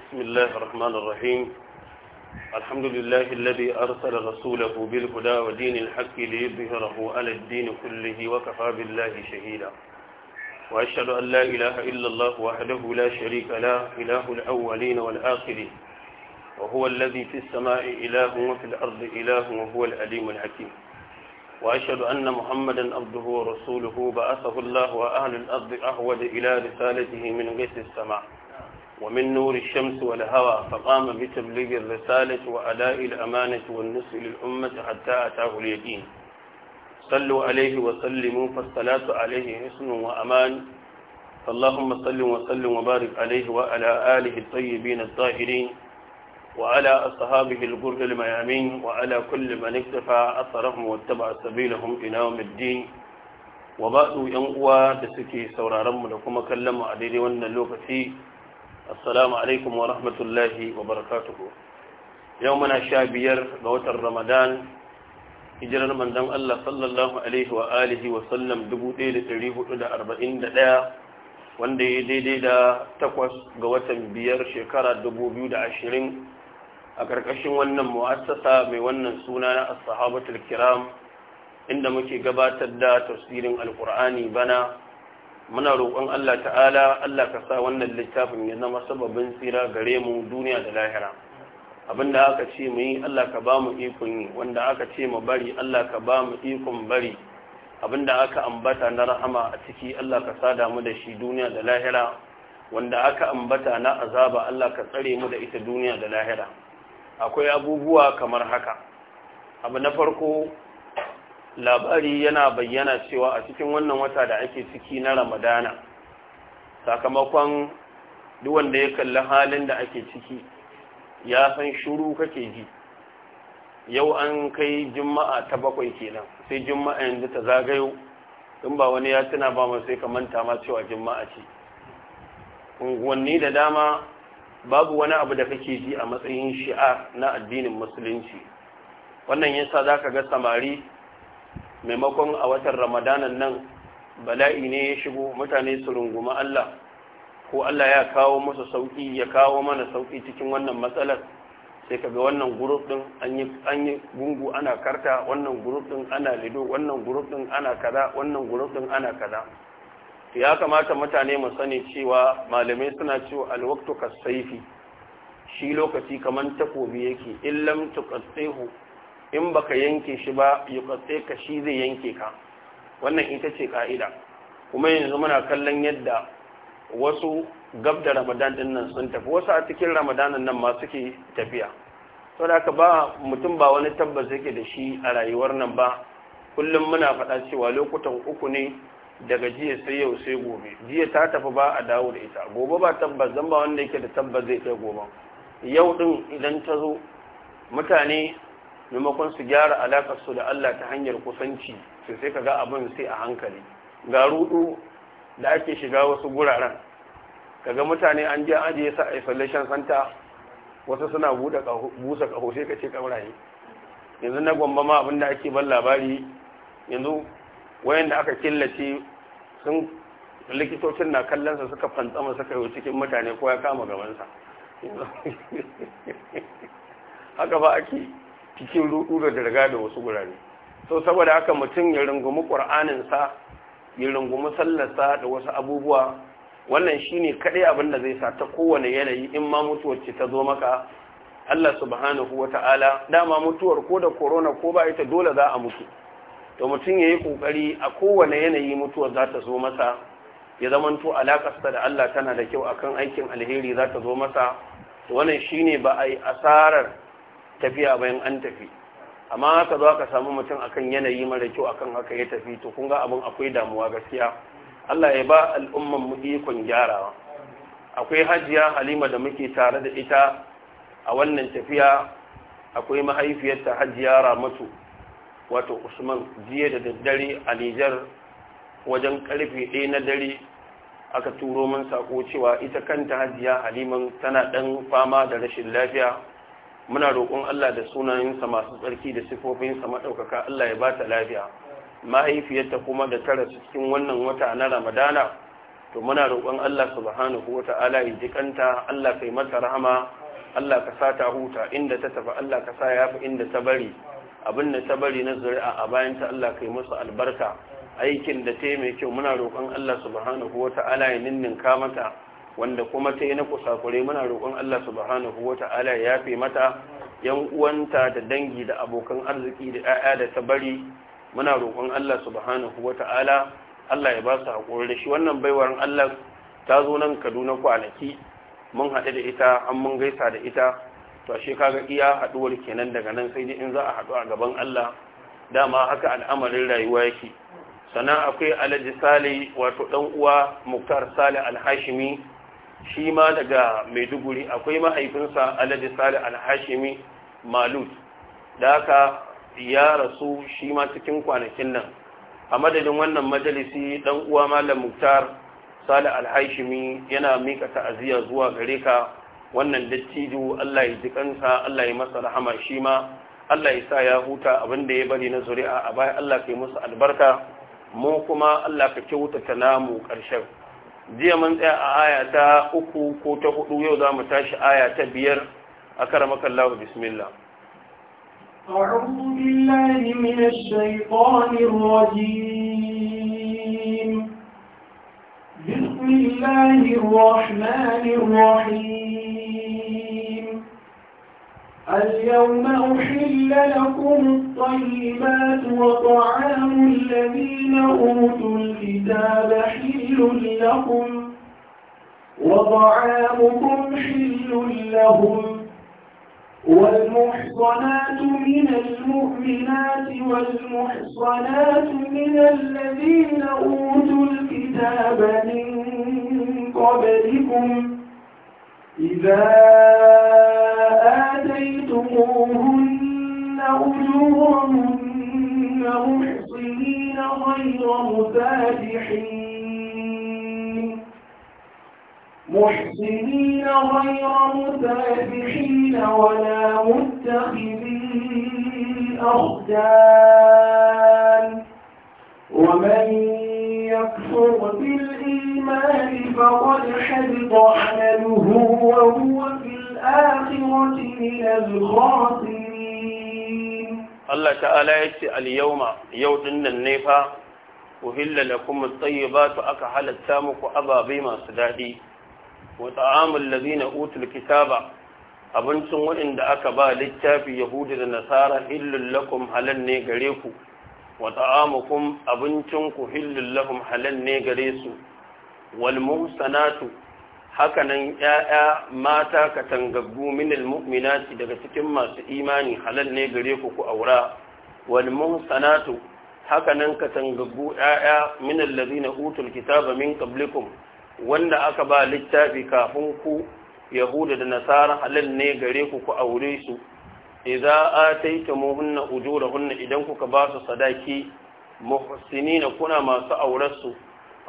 بسم الله الرحمن الرحيم الحمد لله الذي أرسل رسوله بالهدى ودين الحق ليظهره على الدين كله وكفى بالله شهيدا وأشهد أن لا إله إلا الله وحده لا شريك له إله الأولين والآخرين وهو الذي في السماء إله وفي الأرض إله وهو الأليم الحكيم وأشهد أن محمدا عبده ورسوله بعثه الله وأهل الأرض أهود إلى رسالته من غير السماء ومن نور الشمس والهوى فقام بتبليغ الرسالة وأداء الأمانة والنصر للأمة حتى أتاه اليقين صلوا عليه وسلموا فالصلاة عليه حسن وأمان فاللهم صل وسلم وبارك عليه وعلى آله الطيبين الطاهرين وعلى أصحابه الغر الميامين وعلى كل من اكتفى أثرهم واتبع سبيلهم إلى يوم الدين وبعد ينقوى تسكي رمضة كما كلموا عليه وأن فيه السلام عليكم ورحمة الله وبركاته يومنا شابير قوة رمضان hijirar manzon Allah sallallahu alaihi wa alihi wa sallam 1441 wanda ya daidai da takwas ga watan biyar shekara 2020 a ƙarƙashin wannan mu'assasa mai wannan suna na as-sahabatul kiram inda muke gabatar da tafsirin Alƙur'ani bana muna roƙon Allah ta'ala Allah ka sa wannan littafin ya zama sababin tsira gare mu duniya da lahira abinda aka ce mu yi Allah ka ba mu ikon yi wanda aka ce mu bari Allah ka ba mu ikon bari abinda aka ambata na rahama a ciki Allah ka sada mu da shi duniya da lahira wanda aka ambata na azaba Allah ka tsare mu da ita duniya da lahira akwai abubuwa kamar haka abu na farko labari yana bayyana cewa a cikin wannan wata da ake ciki na ramadana sakamakon duk wanda ya kalli halin da ake ciki ya san shuru kake ji yau an kai juma'a ta bakwai kenan sai juma'a yanzu ta zagayo in ba wani ya tuna ba mu sai ka manta ma cewa juma'a ce unguwanni da dama babu wani abu da kake ji a matsayin shi'a na addinin musulunci wannan yasa zaka ga samari maimakon a watan ramadanan nan bala'i ne ya shigo mutane su runguma Allah ko Allah ya kawo masa sauki ya kawo mana sauki cikin wannan matsalar sai kaga wannan group din an yi gungu ana karta wannan group din ana lido wannan group din ana kaza wannan group din ana kaza to ya kamata mutane mu sani cewa malamai suna cewa alwaqtu kasayfi shi lokaci kaman takobi yake illam tuqasihu in baka yanke shi ba yuqatsi ka shi zai yanke ka wannan ita ce ka'ida kuma yanzu muna kallon yadda wasu gab da ramadan din nan sun tafi wasu a cikin ramadan nan ma suke tafiya da ka ba mutum ba wani tabbas yake da shi a rayuwar nan ba kullum muna faɗa cewa lokutan uku ne daga jiya sai yau sai gobe jiya ta tafi ba a dawo da ita gobe ba tabbas zan ba wanda yake da tabbas zai kai gobe yau din idan ta zo mutane maimakon su gyara alaƙar su da Allah ta hanyar kusanci su sai ka ga abin sai a hankali ga rudu da ake shiga wasu guraren kaga mutane an je ajiye sa isolation center wasu suna busa kaho sai ka ce yanzu na gwamba ma abinda ake ban labari yanzu wayanda aka killace sun likitocin na kallonsa suka fantsama suka yi cikin mutane ko ya kama gabansa haka ba ake cikin rudu da dirga da wasu gurare so saboda haka mutum ya rungumi ƙur'aninsa ya rungumi sallarsa da wasu abubuwa wannan shine kaɗai abin da zai sa ta kowane yanayi in ma mutuwar ce ta zo maka Allah subhanahu wa ta'ala dama mutuwar ko da korona ko ba ita dole za a mutu to mutum ya yi ƙoƙari a kowane yanayi mutuwar za ta zo masa ya zamanto sa da Allah tana da kyau akan aikin alheri za ta zo masa wannan shine ba a yi asarar tafiya bayan an tafi amma haka zo ka samu mutum akan yanayi mara kyau akan haka ya tafi to kun ga abin akwai damuwa gaskiya Allah ya ba al'umman mu ikon gyarawa akwai hajiya halima da muke tare da ita a wannan tafiya akwai mahaifiyarta hajiya ramatu wato usman jiya da daddare a nijar wajen karfe ɗaya na dare aka turo min sako cewa ita kanta hajiya haliman tana ɗan fama da rashin lafiya muna roƙon Allah da sunayensa masu tsarki da sifofinsa maɗaukaka Allah ya ba ta lafiya mahaifiyarta kuma da tara cikin wannan wata na ramadana to muna roƙon Allah subhanahu wa ta'ala ya ji kanta Allah kai mata rahama Allah ka sa ta huta inda ta tafi Allah ka sa ya fi inda ta bari abin da ta bari na zuri'a a bayan ta Allah kai musu albarka aikin da ta yi mai kyau muna roƙon Allah subhanahu wa ta'ala ya ninninka mata wanda kuma ta yi na kusakure muna roƙon Allah subhanahu wa ta'ala ya fi mata yan uwanta da dangi da abokan arziki da 'ya'ya da ta bari muna roƙon Allah subhanahu wa ta'ala Allah ya ba su haƙuri da shi wannan baiwar Allah ta zo nan Kaduna kwanaki mun haɗu da ita an mun gaisa da ita to ashe kaga iya haɗuwar kenan daga nan sai dai in za a haɗu a gaban Allah dama haka al'amarin rayuwa yake sana akwai alhaji sale wato ɗan uwa muktar sale hashimi shi ma daga maiduguri akwai mahaifinsa alhaji sali alhashimi malut da aka ya rasu shi ma cikin kwanakin nan a madadin wannan majalisi dan uwa malam muktar sali alhashimi yana mika ta'aziyya zuwa gare ka wannan dattijo Allah ya ji kansa Allah ya masa rahama shi ma Allah ya sa ya huta abinda ya bari na zuri'a a baya Allah ka yi musu albarka mu kuma Allah ka kyautata namu ƙarshen jiya mun tsaya a aya ta uku ko ta hudu yau za mu tashi aya ta biyar a karamakan lahu bismillah أعوذ بالله من الشيطان الرجيم بسم الله الرحمن الرحيم اليوم أحل لكم الطيبات وطعام الذين أوتوا الكتاب حل لكم وطعامكم حل لهم والمحصنات من المؤمنات والمحصنات من الذين أوتوا الكتاب من قبلكم إذا آتيتموهن أجورهن محصنين غير مسافحين محسنين غير مسافحين ولا متخذين أخدان ومن يكفر بالإيمان فقد حبط عمله وهو في Allah ta'ala ya ce al-yawma yau din nan ne fa uhilla lakum at-tayyibatu aka halatta muku ababai masu daɗi. wa ta'amul ladina kitaba abincin waɗanda aka ba littafi yahudi da nasara illal lakum halal ne gare ku wa abincin ku hillal halal ne gare su wal hakanan ‘ya'ya mata ka tangaggu min almu'minati daga cikin masu imani halal ne gare ku ku aura wal sanatu hakanan ka tangaggu ‘ya'ya min lazina utul kitaba min qablikum wanda aka ba littafi kafin ku yahuda da nasara halal ne gare ku ku aure su idza ataytumuhunna ujurahunna idan kuka ba su sadaki muhsinina kuna masu auratsu su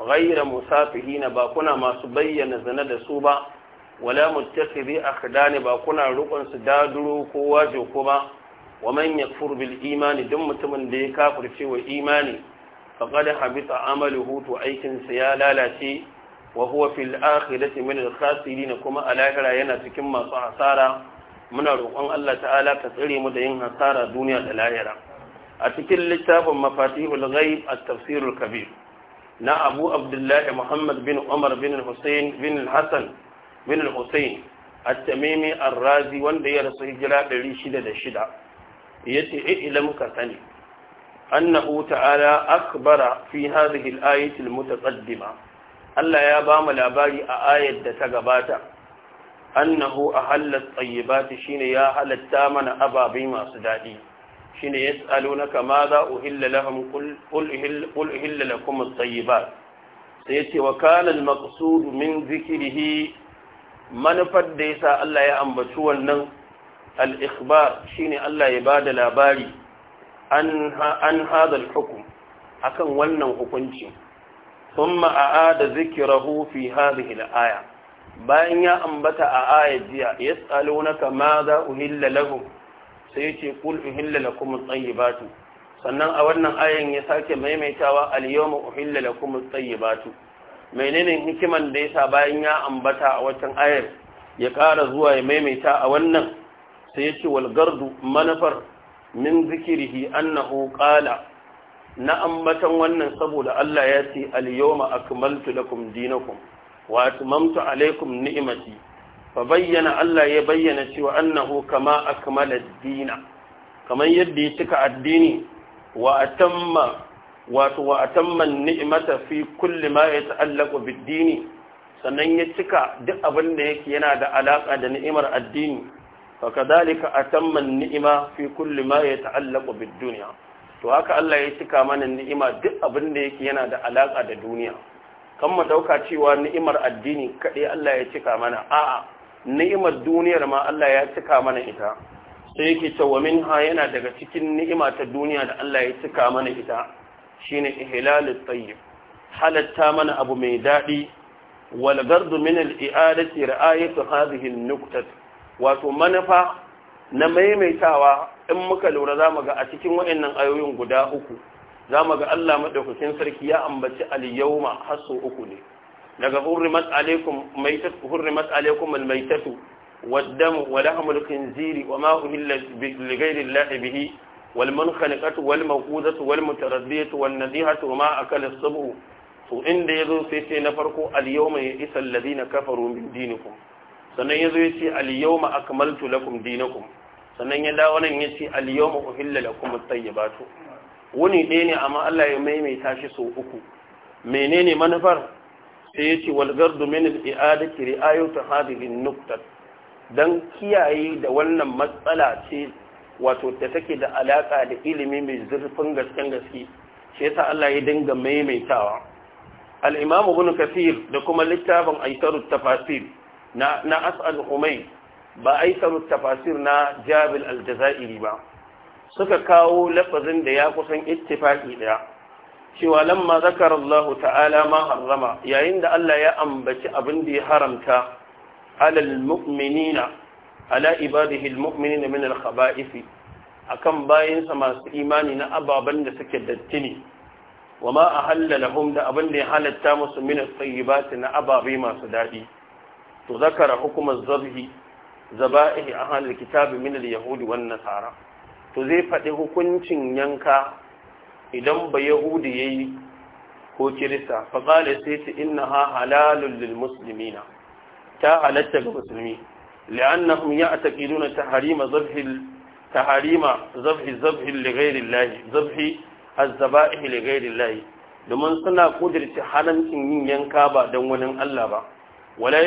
ghaira musafihina ba kuna masu bayyana zina da su ba wala muttakhidhi akhdani ba kuna rukun su daduro ko waje ko ba wa man yakfur bil imani duk mutumin da ya kafirce wa imani faqad habita amaluhu to aikin sa ya lalace wa huwa fil akhirati min al khasirin kuma a lahira yana cikin masu hasara muna roƙon Allah ta'ala ka tsare mu da yin hasara duniya da lahira a cikin littafin mafatihul ghaib at-tafsirul kabir na abu abdullahi muhammad bin umar bin hussein bin hassan bin hussein a tamimi arrazi wanda ya rasu hijira 606 ya ce eh, ilam ka sani annahu ta'ala akbara fi hadhihi al-ayati al-mutaqaddima Allah ya ba mu labari a ayar da ta gabata annahu ahalla at-tayyibati shine ya halatta mana ababai masu dadi shine na kama za a uhilla lahum qul qul uhilla lakum at-tayyibat sai yace wa kana al-maqsud min dhikrihi manufar da ya sa Allah ya ambaci wannan al-ikhbar shine Allah ya ba da labari an an hada al-hukm akan wannan hukunci thumma aada dhikrahu fi hadhihi al-aya bayan ya ambata a ayat jiya ya na kama za a uhilla lahum sai yace kul uhilla lakum at-tayyibatu sannan a wannan ayan ya sake maimaitawa al-yawma uhilla lakum at-tayyibatu menene hikiman da yasa bayan ya ambata a wannan ayar ya kara zuwa ya maimaita a wannan sai ce wal gardu manafar min zikrihi annahu qala na ambatan wannan saboda Allah ya ce al-yawma akmaltu lakum dinakum wa atmamtu alaykum ni'mati fa bayyana Allah ya bayyana cewa annahu kama akmala dina kamar yadda ya cika addini wa atamma wato wa atamma fi kulli ma yata'allaqu bid-dini sannan ya cika duk abin da yake yana da alaƙa da ni'imar addini fa kadhalika atamma ni'ima fi kulli ma yata'allaqu bid-dunya to haka Allah ya cika mana ni'ima duk abin da yake yana da alaƙa da duniya kan mu dauka cewa ni'imar addini kadai Allah ya cika mana a'a ni'imar duniyar ma Allah ya cika mana ita sai yake cewa minha yana daga cikin ni'ima ta duniya da Allah ya cika mana ita shine ihlalut tayyib halatta mana abu mai dadi wal gardu min al i'adati ra'ayatu hadhihi al nuqtat wato manafa na maimaitawa in muka lura zamu ga a cikin wayannan ayoyin guda uku zamu ga Allah madaukakin sarki ya ambaci al yawma hasu uku ne daga hurrimat alaikum maitat hurrimat alaikum almaitatu والدم ولحم الخنزير wal أهل لغير الله به والمنخنقة والموقوذة والمتردية والنزيهة وما أكل الصبع to inda ya zo sai na farko alyawma ya isa alladhina kafaru min dinikum sannan ya zo ya ce alyawma akmaltu lakum dinakum sannan ya dawo nan ya ce alyawma uhilla lakum at-tayyibatu wani ɗaya ne amma Allah ya maimaita shi sau uku menene manufar sai ya ce walgar domin al'ada ki ri'ayo ta hadirin nuktar don kiyaye da wannan matsala ce wato da take da alaƙa da ilimi mai zurfin gasken gaske shi yasa Allah ya dinga maimaitawa al-imam ibn kafir da kuma littafin aisarut tafasir na na as'al humay ba aisarut tafasir na jabil al-jazairi ba suka kawo lafazin da ya kusan ittifaqi daya cewa lamma zakar Allah ta'ala ma harrama yayin da Allah ya ambaci abin da ya haramta alal mu'minina ala ibadihi almu'minina min alkhaba'isi akan sa masu imani na ababan da suke dattini wa ma ahalla lahum da abin da ya halatta musu min at na ababe masu dadi to zakara hukumar zabhi zaba'ihi ahal alkitabi min alyahudi wan nasara to zai faɗi hukuncin yanka idan ba yahudi yayi ko kirista fa sai ta innaha halalul lil ta halatta ga musulmi li'annahum ya'taqiduna tahrima zabhil tahrima zabhi zabhi li ghairi llahi zabhi az-zaba'ih li domin suna kudirce haramcin yin yanka ba don wani Allah ba wala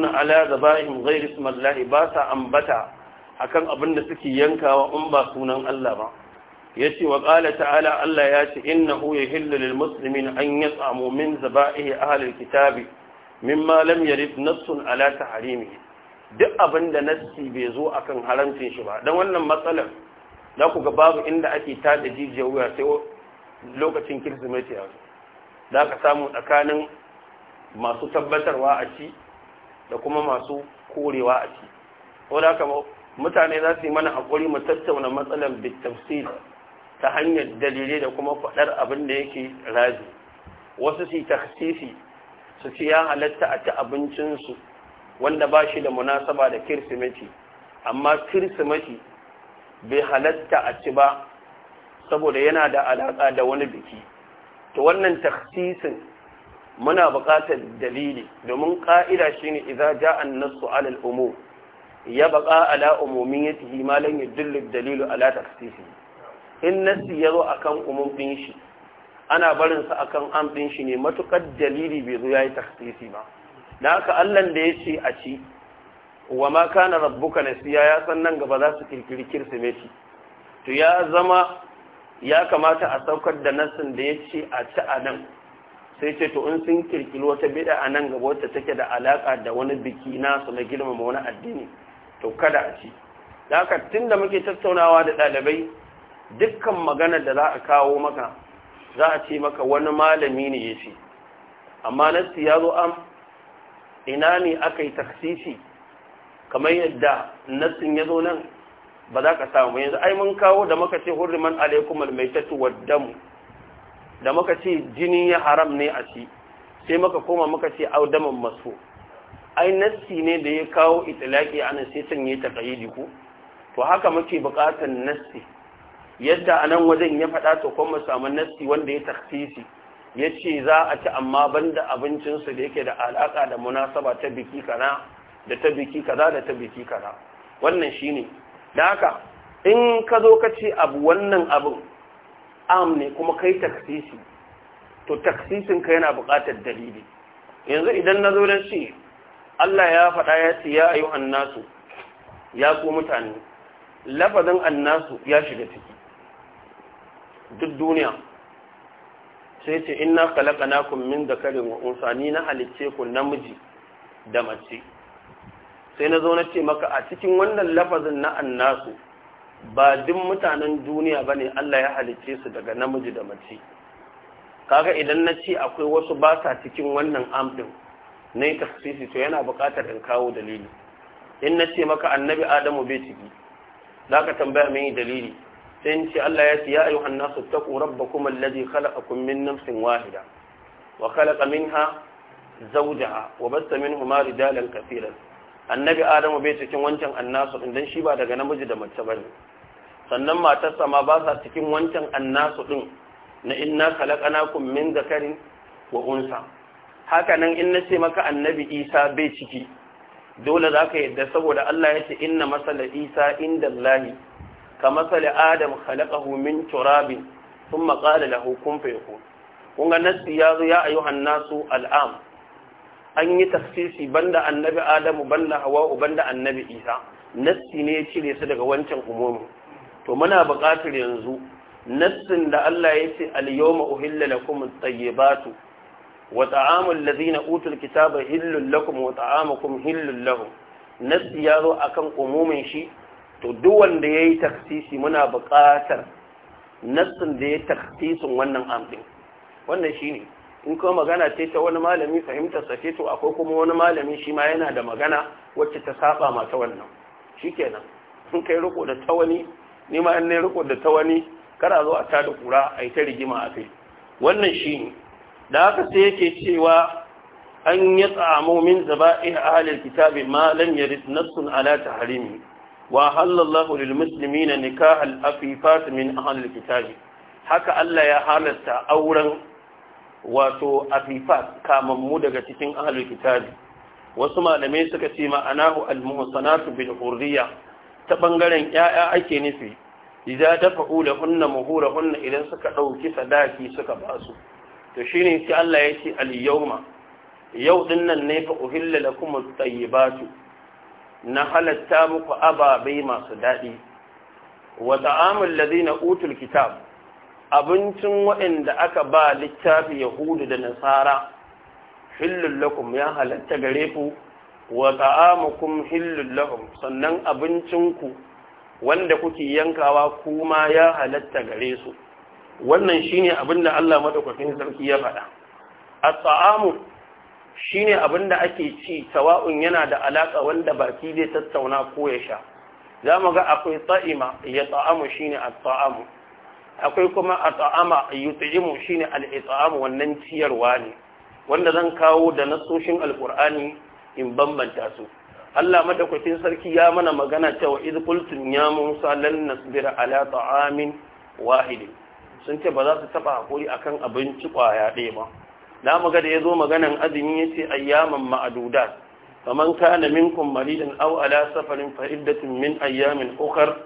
na ala zaba'ihim ghairi ismi ba sa ambata akan abin da suke yankawa in ba sunan Allah ba yace wa qala ta'ala Allah ya ce innahu yahillu lil muslimin an yas'amu min zaba'ihi ahli alkitab mimma lam yarid nassun ala tahrimihi duk abinda nassi bai zo akan haramcin shi ba dan wannan matsalar za ku ga babu inda ake tada jijiyar wuya sai lokacin kirsimeti yanzu da ka samu tsakanin masu tabbatarwa a ci da kuma masu korewa a ci ko da ka mutane za su yi mana hakuri mu tattauna matsalar bitafsir ta hanyar dalilai da kuma faɗar abin da yake razi wasu su taksisi su ci ya halatta a ta abincinsu wanda ba shi da munasaba da kirsimeti amma kirsimeti bai halatta a ci ba saboda yana da alaƙa da wani biki to wannan taksisin muna buƙatar dalili domin ƙa'ida shine idza ja'a an-nassu 'ala al-umum ya baqa ala umumiyatihi ma lan ad-dalilu ala taksisihi in nasi ya zo a kan din shi ana barinsa a kan am shi ne matuƙar dalili bai zo ya yi takhsisi ba da haka Allah da ya ce a ci wa ma kana rabbuka nasiya ya san nan gaba za su kirkiri kirsimeti to ya zama ya kamata a saukar da nasin da ya ce a ci a nan sai ce to in sun kirkiri wata bida a nan gaba wata take da alaka da wani biki su na girmama wani addini to kada a ci da haka tun da muke tattaunawa da ɗalibai dukkan magana da za a kawo maka za a ce maka wani malami ne ya ce amma nasti ya zo am ina ne aka yi taksisi kamar yadda nassin ya zo nan ba za ka samu yanzu ai mun kawo da maka ce hurriman mai almaitatu waddamu da maka ce jini ya haram ne a ci sai maka koma maka ce audaman masu ai nassi ne da ya kawo itilaki anan sai sanye ta kayyidi diku? to haka muke buƙatar nassi yadda a nan wajen ya faɗa to kuma samu nassi wanda ya taksisi ya ce za a ci amma banda abincinsu da yake da alaƙa da munasaba ta biki kana da ta biki kaza da ta biki kaza wannan ne. da haka in ka zo ka ce abu wannan abin am ne kuma kai taksisi to taksisin ka yana buƙatar dalili yanzu idan na zo na ce Allah ya faɗa ya ce ya annasu ya ku mutane lafazin annasu ya shiga ciki duk duniya sai ce inna khalaqnakum min da karin wa'unsa, ni na halicce ku namiji da mace sai na zo na ce maka a cikin wannan lafazin na annasu ba duk mutanen duniya bane Allah ya halicce su daga namiji da mace kaga idan na ce akwai wasu ba sa cikin wannan amdin na yi tafsiri to yana buƙatar in kawo dalili in na ce maka annabi adamu bai ciki za ka tambaya mai dalili sai ce Allah ya ce ya ayyuhan nasu taqu rabbakum alladhi khalaqakum min nafsin wahida wa khalaqa minha zawjaha wa basta minhuma rijalan kathiran annabi adamu bai cikin wancan annasu din dan shi ba daga namiji da mace bane sannan matarsa ma ba sa cikin wancan annasu din na inna khalaqnakum min dhakarin wa unsa haka nan in nace maka annabi isa bai ciki dole zaka yadda saboda Allah ya ce inna masala isa inda Allahi كمثل آدم Adam من تراب ثم sun له da فيكون kun Kunga nassi ya zo ya ayyuhan nasu al'am an yi tafsisi banda annabi adamu banda hawa'u banda annabi isa nasi ne ya cire su daga wancan umumin to muna buƙatar yanzu nassin da Allah ya ce al-yawma uhilla lakum at-tayyibatu wa ta'amul ladhina utul kitaba hillul lakum wa ta'amukum lahum nassi ya zo akan umumin shi to duk wanda ya yi taksisi muna buƙatar nassin da ya taksisin wannan amfin wannan shi ne in kuma magana ce ta wani malami fahimtar sa to akwai kuma wani malami shi ma yana da magana wacce ta saba ma ta wannan shikenan in kai riko da ta wani ni ma in ne riko da ta wani kara zo a tada kura a yi ta rigima a kai wannan shi ne da haka sai yake cewa an yi tsamo min zaba iya kitabin ma lam yarid nassun ala taharimi wa halallahu lil muslimina nikahal afifat min ahli kitabi haka Allah ya halasta auren wato afifat kamammu daga cikin ahli kitabi wasu malamai suka ce al almuhsanatu bil hurriya ta bangaren yaya ake nufi idza tafu lahunna muhurahunna idan suka dauki sadaki suka basu to shine sai Allah ya ce al yawma yau dinnan ne fa uhilla lakum at-tayyibatu na halatta muku ababai masu daɗi wa ta'amul ladina utul kitab abincin waɗanda aka ba littafi yahudu da nasara hillul lakum ya halatta gare ku wa ta'amukum hillul lakum sannan abincinku wanda kuke yankawa kuma ya halatta gare su wannan shine abin da Allah madaukakin sarki ya faɗa at shine abin da ake ci tawaun yana da alaka wanda baki zai tattauna ko ya sha za mu ga akwai tsa'ima ya ta'amu shine at-ta'amu akwai kuma at'ama yut'imu shine al-it'am wannan ciyarwa ne wanda zan kawo da nasoshin alqur'ani in bambanta su Allah madaukakin sarki ya mana magana cewa id qultum ya musa lan nasbira ala ta'amin wahid sun ce ba za su taba hakuri akan abinci kwaya ɗaya ba na muka da ya zo maganan azumi ya ce ayyaman ma'adudat faman kana minkum maridan au ala safarin fa min ayyamin ukar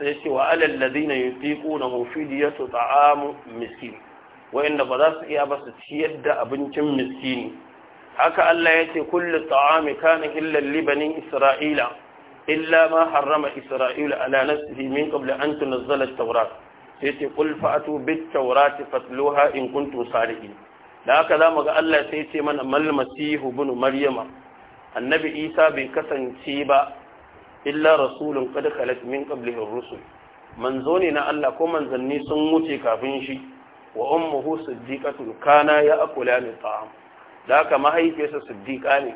sai ce wa alal ladina yutiquna mufidiyatu ta'amu miskin wayanda ba za su iya ba su ciyar da abincin miskini haka Allah ya ce kullu ta'ami kana illal libanin isra'ila illa ma harrama isra'ila ala nafsihi min qabla an tunzala at-taurat sai ce qul fa'atu bit-taurati fatluha in kuntum salihin da haka za mu ga Allah sai ce mana malmasihu masihu bin maryama annabi isa bai kasance ba illa rasulun qad khalat min qablihi ar-rusul manzo ne na Allah ko manzanni sun wuce kafin shi wa ummuhu siddiqatun kana ya'kulani ta'am da haka mahaifiyarsa siddiqa ne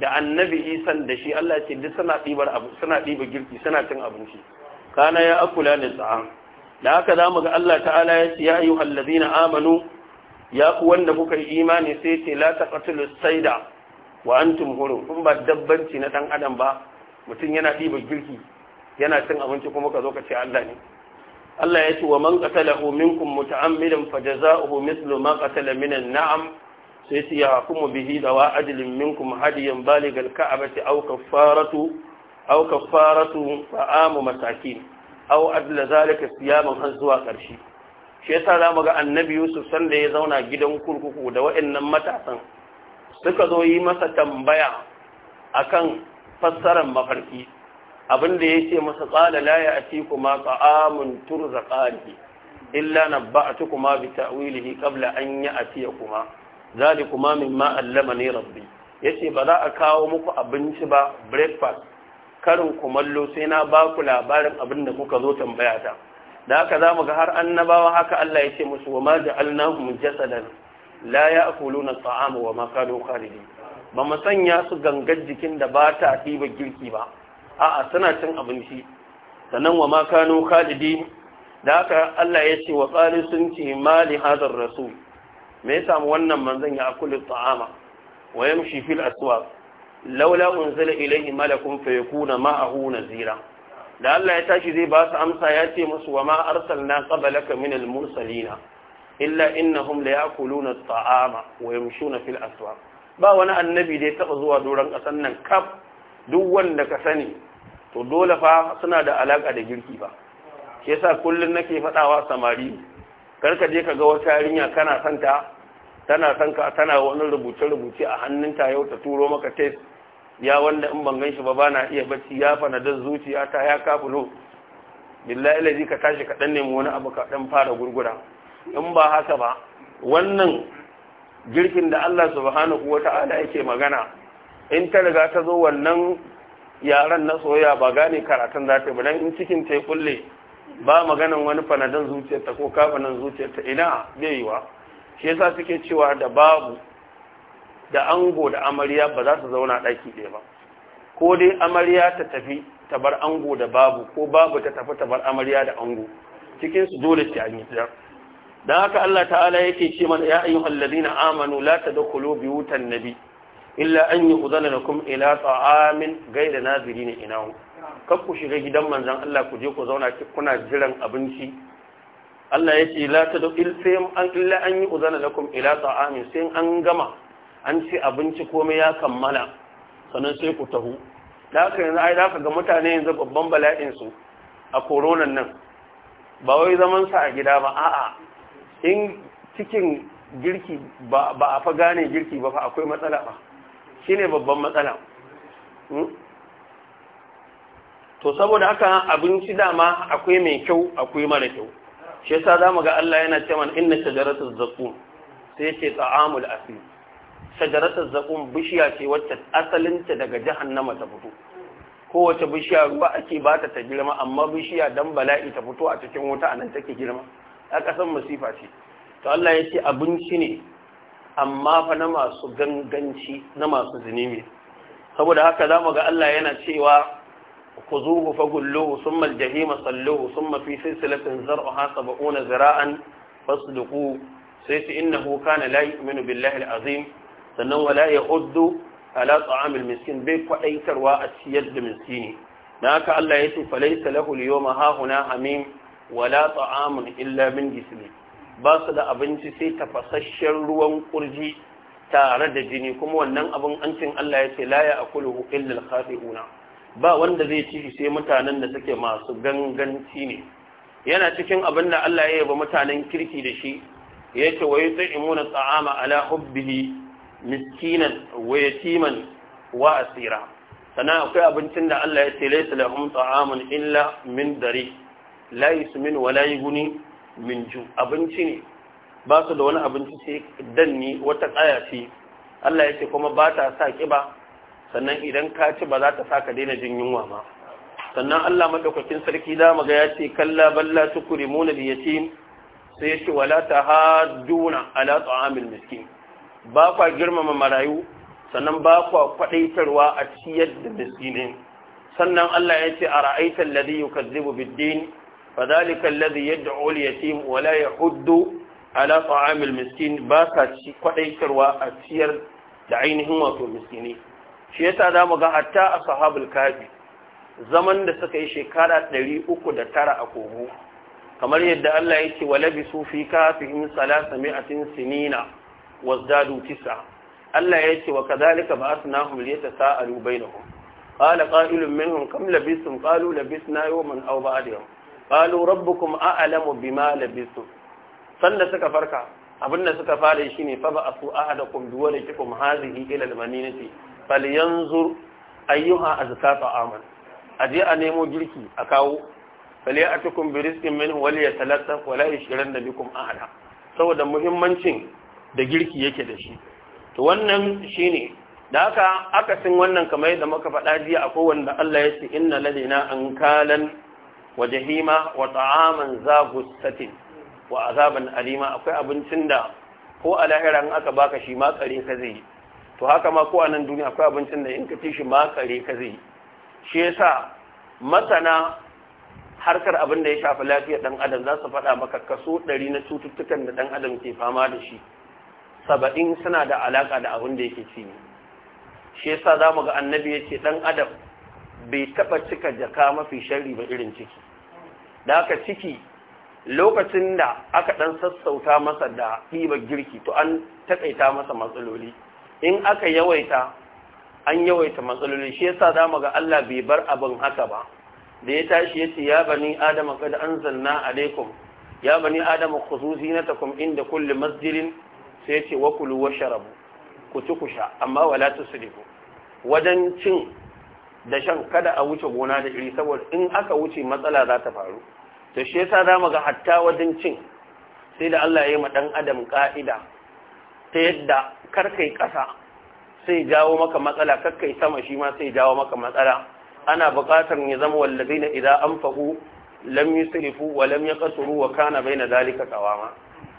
da annabi isa da shi Allah ce duk suna dibar abu suna diba girki suna cin abinci kana ya'kulani ta'am da haka za mu ga Allah ta'ala ya ce ya ayyuhallazina amanu ya ku wanda kuka yi imani sai ce la taqtulu sayda wa antum kun ba dabbanci na dan adam ba mutum yana diba girki yana cin abinci kuma ka zo ka ce Allah ne Allah ya ce wa man qatalahu minkum muta'ammidan jazaohu mithlu ma qatala min an-na'am sai ce ya hukumu bihi dawa adlin minkum hadiyan baligal ka'abati aw kaffaratu aw kaffaratu fa'amu masakin aw adla zalika siyaman har zuwa ƙarshe shi yasa za mu ga annabi yusuf sanda ya zauna gidan kurkuku da waɗannan matasan suka zo yi masa tambaya akan fassarar mafarki abin da ya ce masa tsada la ya ati kuma ta'amun turzaqani illa ma bi ta'wilihi qabla an ya'tiyakuma zalikuma mimma allamani rabbi yace ba za a kawo muku abinci ba breakfast karin kumallo sai na ba ku labarin abin da kuka zo tambayata. da aka za mu ga har annabawa haka Allah ya ce musu wa ma da jasadan la ya'kuluna at'ama wa ma kanu khalidin ba mu sanya su gangar jikin da ba ta ɗiba girki ba a'a suna cin abinci sannan wa ma kanu khalidin da aka Allah ya ce wa qalu sun ce ma li hadar rasul me yasa mu wannan manzon ya akulu at'ama wa yamshi fil aswaq laula unzila ilayhi malakun fayakuna ma'ahu nazira da Allah ya tashi zai ba su amsa ya ce musu wa ma na qablaka min al-mursalina illa innahum la yaakuluna at-ta'ama wa yamshuna fil aswaq ba wani annabi da ya taba zuwa doran kasan nan kaf duk wanda ka sani to dole fa suna da alaka da girki ba shi yasa kullun nake fadawa samari karka je ka ga wata yarinya kana santa tana sanka tana wani rubuce rubuce a hannunta yau ta turo maka test ya wanda in ban ganshi ba bana iya bacci ya da zuciya ta ya kafulo billahi lazi ka tashi ka dan nemi wani abu ka dan fara gurgura in ba haka ba wannan girkin da Allah subhanahu wata'ala yake magana in ta riga ta zo wannan yaran na soyayya ba gane karatun za ta bidan in cikin ta kulle ba maganan wani fanadan zuciyarta ko kafanan zuciyarta ina bai yi wa shi yasa suke cewa da babu da ango da amarya ba za su zauna ɗaki ɗaya ba ko dai amarya ta tafi ta bar ango da babu ko babu ta tafi ta bar amarya da ango cikin su dole ce an yi dan haka Allah ta'ala yake ce mana ya ayyuhal ladina amanu la tadkhulu biyutan nabi illa an yu'dhana lakum ila ta'amin ghayra nazirin inahu kar ku shiga gidan manzon Allah ku je ku zauna kuna jiran abinci Allah ya ce la tadkhulu illa an yu'dhana lakum ila ta'amin sai an gama an ce abinci komai ya kammala sannan sai ku tahu da haka yanzu ai da ga mutane yanzu babban bala'insu a koronan nan ba wai zaman sa a gida ba a'a in cikin girki ba a fa gane girki ba fa akwai matsala ba shine babban matsala hmm? to saboda haka abinci dama akwai mai kyau akwai mara kyau shi yasa zamu ga Allah yana cewa inna shajaratuz zaqum sai ce ta'amul asim shajaratar zakum bishiya ce wacce asalinta daga jahannama ta fito kowace bishiya ruwa ake ba ta ta girma amma bishiya dan bala'i ta fito a cikin wuta anan take girma a kasan masifa ce to Allah ya ce abinci ne amma fa na masu ganganci na masu zunubi saboda haka zamu ga Allah yana cewa خذوه فقلوه ثم الجحيم صلوه ثم في سلسلة زرعها سبعون sai su inna إنه kana لا يؤمن بالله العظيم sannan wala ya uddu ala ta'amil miskin bai kwadaitarwa a ciyar da miskini na haka Allah ya ce falaysa lahu al-yawma hahuna hamim wala ta'amun illa min gisli ba su da abinci sai tafasasshen ruwan kurji tare da jini kuma wannan abin an cin Allah ya ce la ya akuluhu illa al-khati'una ba wanda zai ci sai mutanen da suke masu ganganci ne yana cikin abin da Allah ya yaba mutanen kirki da shi ce wa yut'imuna ta'ama ala hubbihi miskinan wa yatiman wa asira sannan akwai abincin da Allah ya ce laysa lahum ta'amun illa min dari la yusmin wa la yughni min ju abinci ne ba su da wani abinci sai danni wata tsaya ce Allah ya ce kuma ba ta sa kiba sannan idan ka ci ba za ta sa ka daina jin yunwa ma sannan Allah madaukakin sarki da maga ya ce kalla balla tukrimuna bi yatim sai ya ce wala tahaduna ala ta'amil miskin ba kwa girmama marayu sannan ba kwa kwadaitarwa a ciyar da miskinin sannan Allah ya ce a ra'aita alladhi yukazzibu bid-din fadhalika alladhi yad'u al-yatim wa la yahuddu ala ta'amil miskin ba ka ci kwadaitarwa a ciyar da ainihin wato miskini shi yasa zamu ga hatta a sahabul kafi zaman da suka yi shekara 309 a kogo kamar yadda Allah yake walabisu fi kafihim salasa mi'atin sinina wazdadu tisa Allah ya ce wa kadhalika ba'athnahum liyatasaalu bainahum qala qa'ilun minhum kam labistum qalu labisna yawman aw ba'da yawm qalu rabbukum a'lamu bima labistum sanda suka farka abinda suka fara shine fa ba'athu ahadakum biwalikum hadhihi ila al-maninati falyanzur ayyuha azka ta'aman aje a nemo girki a kawo fali atukum bi rizqin minhu wal wala saboda muhimmancin da girki yake da shi to wannan shine da haka akasin wannan kamar yadda muka faɗa jiya akwai wanda Allah ya ce inna ladina kalan wa jahima wa ta'aman za gussatin wa azaban alima akwai abincin da ko a lahira in aka baka shi ma kare ka zai to haka ma ko a nan duniya akwai abincin da in ka ci shi ma kare ka zai shi yasa masana harkar abin da ya shafi lafiyar dan adam za su faɗa maka kaso ɗari na cututtukan da dan adam ke fama da shi saba'in suna da alaƙa da abin da yake ci ne shi yasa za mu ga annabi ya ce ɗan adam bai taɓa cika jaka mafi shari ba irin ciki da aka ciki lokacin da aka ɗan sassauta masa da ɗiba girki to an taƙaita masa matsaloli in aka yawaita an yawaita matsaloli shi yasa za mu ga Allah bai bar abin haka ba da ya tashi ya ce ya bani adama kada an zanna alaikum ya bani adama na khusuzinatakum inda kulli masjidin sai ce wa kulu wa sharabu ku ci ku sha amma wala tusrifu wajen cin da shan kada a wuce gona da iri saboda in aka wuce matsala za ta faru to shi yasa za mu ga hatta wajen cin sai da Allah ya yi ma dan adam ka'ida ta yadda kar kai ƙasa sai jawo maka matsala kai sama shi ma sai jawo maka matsala ana buƙatar ya zama wallazina idan anfaqu lam yusrifu wa lam yaqsuru wa kana baina dalika qawama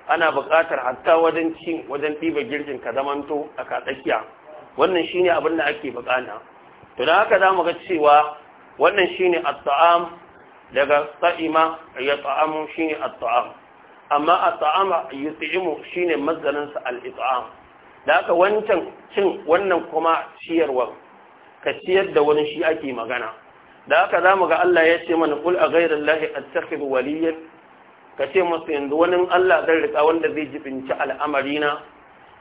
ana buƙatar hatta wajen cin wajen ɗiba girgin ka zamanto a katsakiya wannan shine abin da ake buƙata to da haka za mu ga cewa wannan shine at-ta'am daga sa'ima ya ta'amu shine at-ta'am amma at-ta'am yut'imu shine mazdarin sa al-it'am da haka wancan cin wannan kuma ciyarwa ka ciyar da wani shi ake magana da haka za mu ga Allah ya ce mana kul a gairar a attakhidhu waliyyan ka ce masu yanzu wani Allah zai rika wanda zai jibinci al'amarina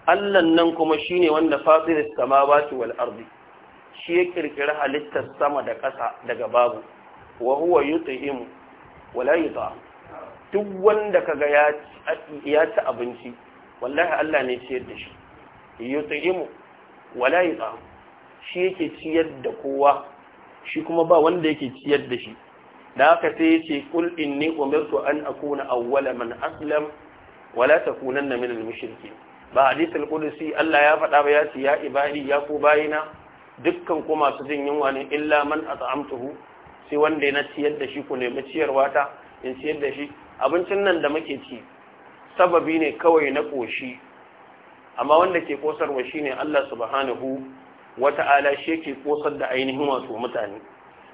Allahn nan kuma shi ne wanda fasiris sama ba su ardi shi ya kirkiri halittar sama da ƙasa daga babu wa huwa yut'imu wala yut'am duk wanda ka ga ya ci abinci wallahi Allah ne ciyar da shi yut'imu wala yut'am shi yake ciyar da kowa shi kuma ba wanda yake ciyar da shi da aka sai ya ce kul inni umirtu an akuna awwala man aslam wala takunanna minal mushrikin ba hadithul qudsi Allah ya faɗa ba ya ce ya ibadi ya ku bayina dukkan ku masu jin yunwa ne illa man at'amtuhu sai wanda na ciyar da shi ku nemi ciyarwa ta in ciyar da shi abincin nan da muke ci sababi ne kawai na koshi amma wanda ke kosarwa shine Allah subhanahu wata'ala shi yake kosar da ainihin wato mutane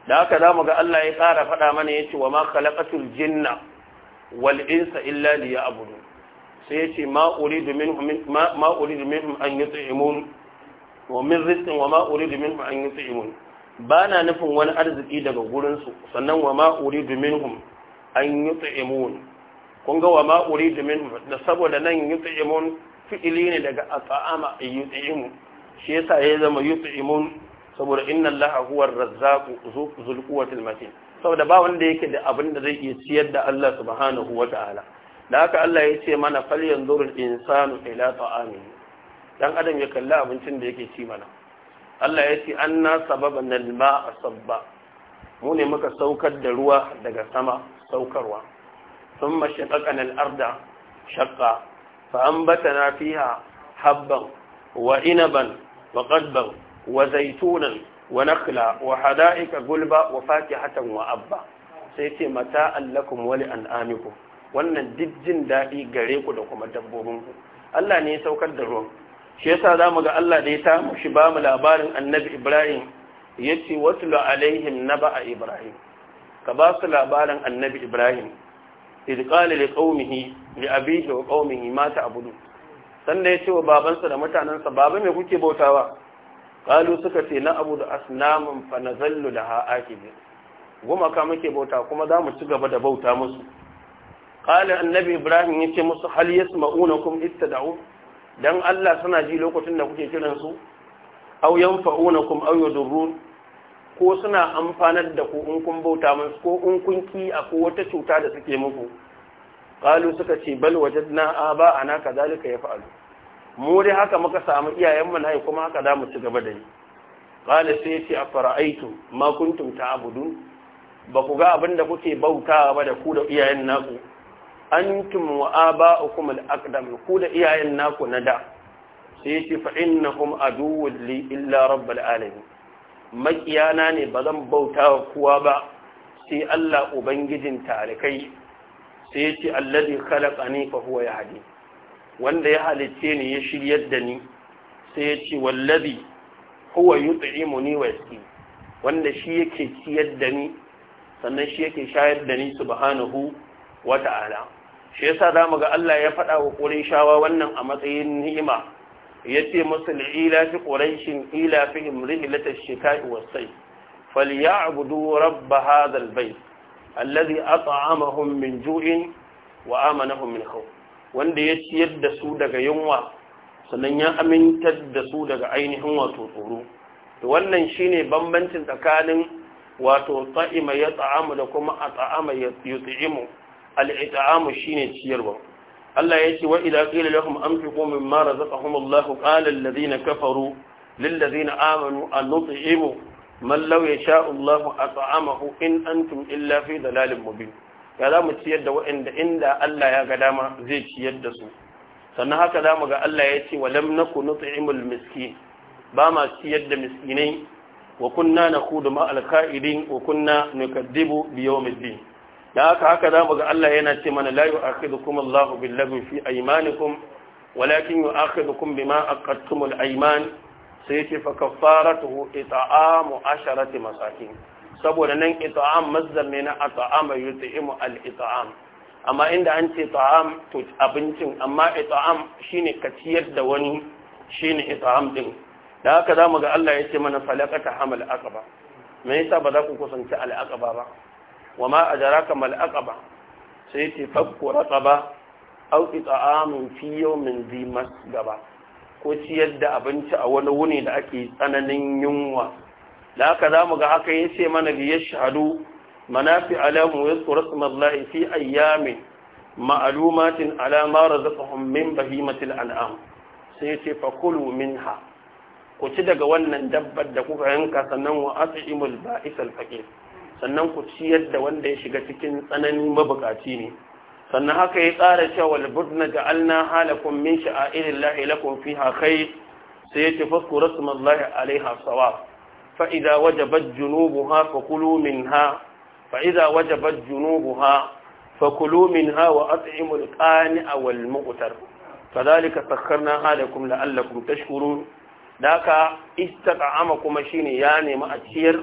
da haka za mu ga Allah ya ƙara faɗa mana ya ce wa ma khalaqatul jinna wal insa illa liya'budun sai ya ce ma uridu minhum an yut'imun wa min rizqin wa ma uridu minhum an yut'imun ba na nufin wani arziki daga gurin su sannan wa ma uridu minhum an yut'imun kun ga wa ma uridu minhum da saboda nan yut'imun fi'ili ne daga at'ama yut'imu shi yasa ya zama yut'imun saboda inna allaha huwa ar-razzaq zul quwwatil matin saboda ba wanda yake da abin da zai iya ciyar da Allah subhanahu Ta'ala. da haka Allah ya ce mana fal yanzuru al-insanu ila ta'amihi dan adam ya kalli abincin da yake ci mana Allah ya ce anna sababan al-ma'a sabba mu ne muka saukar da ruwa daga sama saukarwa thumma shaqaqana al-arda shaqqa fa anbatana fiha habban wa inaban wa qadban wa zaitunan wa nakla wa hada'ika gulba wa hatan wa abba sai ce mata allakum wali an'amikum wannan duk jin daɗi gare ku da kuma dabbobin ku. Allah ne ya saukar da ruwan shi yasa zamu ga Allah da ya ta mushi ba mu labarin Annabi Ibrahim yace watlu alaihim naba Ibrahim ka ba su labarin Annabi Ibrahim idh qala liqaumihi li abihi wa qaumihi ma ta'budun sanda yace wa babansa da mutanansa baba me kuke bautawa kalu suka ce na abu da asnamun fa na zallu da ha'aki ne gumaka muke bauta kuma za mu ci gaba da bauta musu ƙalin annabi ibrahim ya ce musu hal yas ma'una kum ittada'u dan allah suna ji lokacin da kuke kiran su aw yanfa'una kum aw ko suna amfanar da ku in kun bauta musu ko in kun ki a ko wata cuta da suke muku kalu suka ce bal na, wajadna aba ana kazalika yaf'alu mu dai haka muka samu iyayen mu nayi kuma haka da mu ci gaba da yi qala sai a afara'aytu ma kuntum ta'budun ba ku ga abinda kuke bautawa ba da ku da iyayen naku antum wa aba'ukum al-aqdam ku da iyayen naku na da sai ce fa innakum aduwwun li illa rabbil alamin makiyana ne ba zan bautawa kowa ba sai Allah ubangijin talikai sai ce alladhi khalaqani fa huwa yahdini wanda ya halitte ni ya shiryar da ni sai ya ce wallazi huwa mu ni wasi wanda shi yake ciyar da ni sannan shi yake shayar da ni subhanahu wa ta'ala shi yasa zamu ga Allah ya faɗa wa Qurayshawa wannan a matsayin ni'ima yace musu ila fi qurayshin ila fihim rihlat ash-shita'i was-sayf falyabudu rabb hadha al-bayt alladhi at'amahum min ju'in wa amanahum min khawf wanda ya ciyar da su daga yunwa sannan ya amintar da su daga ainihin wato tsoro to wannan shine bambancin tsakanin wato ta'ima ya ta'amu da kuma a ta'ama ya yuti'imu al'ita'amu shine ciyarwa Allah ya ce wa idza qila lahum anfiqu mimma razaqahum Allah qala alladhina kafaru lil ladina amanu an nut'imu man law yasha Allah at'amahu in antum illa fi dalalin mubin ya za mu ciyar da waɗanda inda Allah ya ga dama zai ciyar da su sannan haka za mu ga Allah ya ce walam naku nut'imul miskin ba ma ciyar da miskinai wa kunna nakhudu ma alqa'idin wa kunna nukaddibu bi yawmiddin da haka haka za mu ga Allah yana ce mana la yu'akhidukum Allahu bil lagwi fi aymanikum walakin yu'akhidukum bima aqadtumul ayman sai ce fa kaffaratuhu it'amu asharati masakin saboda nan ita'am mazdar ne na ata'ama yut'imu imu al'ita'am amma inda an ce ta'am to abincin amma ita'am ne ka ciyar da wani shi ne ita'am din da haka za mu ga Allah ya ce mana hama hamal aqaba me yasa ba za ku kusanci al ba ba wama adraka mal aqaba sai ce fakku raqaba aw ita'amun fi yawmin dhi masgaba ko ciyar da abinci a wani wuni da ake tsananin yunwa da haka za mu ga haka ya ce mana biyar shahadu manafi alamu ya tsoro su mallahi fi ayyamin ma'alumatin alama razaqahum min bahimatil an'am sai ya ce fakulu ha. ku ci daga wannan dabbar da kuka yanka sannan wa ba isal fake sannan ku ci yadda wanda ya shiga cikin tsananin mabukaci ne sannan haka ya tsara cewa ga ja'alna halakum min sha'airillahi lakum fiha khair sai ya ce fasku rasulullahi alaiha sawab فإذا وجبت جنوبها فكلوا منها فإذا وجبت جنوبها فكلوا منها وأطعموا القانع والمغتر فذلك تذكرنا لكم لعلكم تشكرون ذاك استطعمكم شين يعني ما أتشير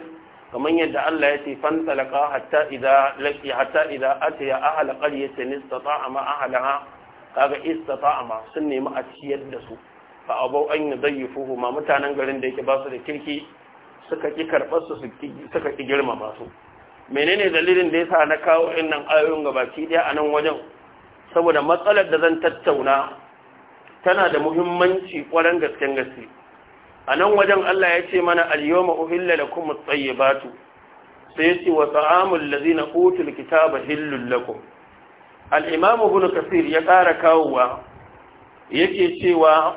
kamar yadda Allah ya ce fantalaka hatta idza laki hatta idza atiya ahla qaryatin istata'a ma ahlaha kaga istata'a ma sun nemi a ciyar da su fa abau an yadayfuhu ma mutanen garin da yake ba su da kirki suka ki karɓar su suka ki girmama su menene dalilin da ya sa na kawo innan ayoyin gabaki daya a nan wajen saboda matsalar da zan tattauna tana da muhimmanci kwaran gasken gaske a nan wajen Allah ya ce mana al-yawma uhilla lakum at-tayyibatu sai ya ce wa ta'amul ladzina utul kitaba hillul lakum al imam ibn kasir ya ƙara kawowa yake cewa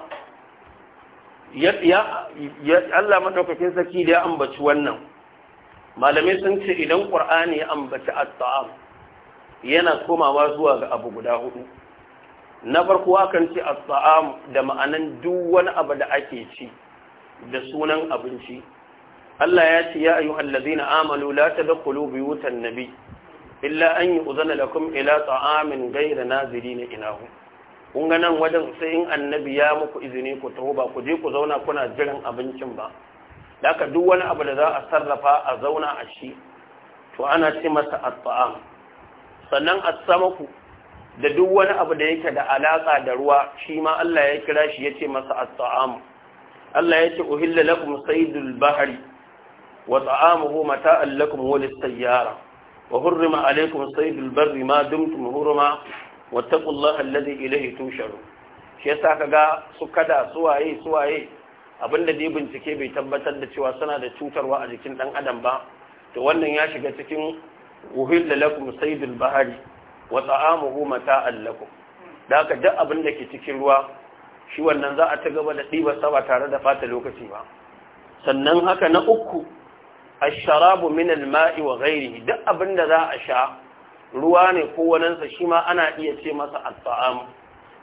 Allah maɗaukakin sarki da ya ambaci wannan malamai sun ce idan ƙur'ani ya ambaci at-ta'am yana komawa zuwa ga abu guda hudu na farko akan ce at-ta'am da ma'anan duk wani abu da ake ci da sunan abinci Allah ya ce ya ayyuhal ladzina amanu la tadkhulu buyutan nabi illa an yu'zana lakum ila ta'amin ghayra nazirin inahu kun ga nan wajen sai in annabi ya muku izini ku taho ba ku je ku zauna kuna jiran abincin ba da ka duk wani abu da za a sarrafa a zauna a shi to ana ce masa at Sannan a sama ku. da duk wani abu da yake da alaƙa da ruwa shi ma Allah ya kira shi yace masa at Allah ya ce, uhilla lakum saydul bahri wa ta'amuhu mata'an lakum wa lis-sayyara wa hurrima alaykum saydul barri ma dumtum hurma واتقوا الله الذي إليه تشرون shi yasa kaga su kada suwaye suwaye abinda dai bincike bai tabbatar da cewa suna da cutarwa a jikin dan adam ba to wannan ya shiga cikin uhilla lakum saydul bahari wa ta'amuhu mata'an lakum da ka duk abin da ke cikin ruwa shi wannan za a ta gaba da ɗiba saba tare da fata lokaci ba sannan haka na uku asharabu min alma'i wa ghairihi duk abin da za a sha ruwa ne ko wanansa shi ma ana iya ce masa alfa’am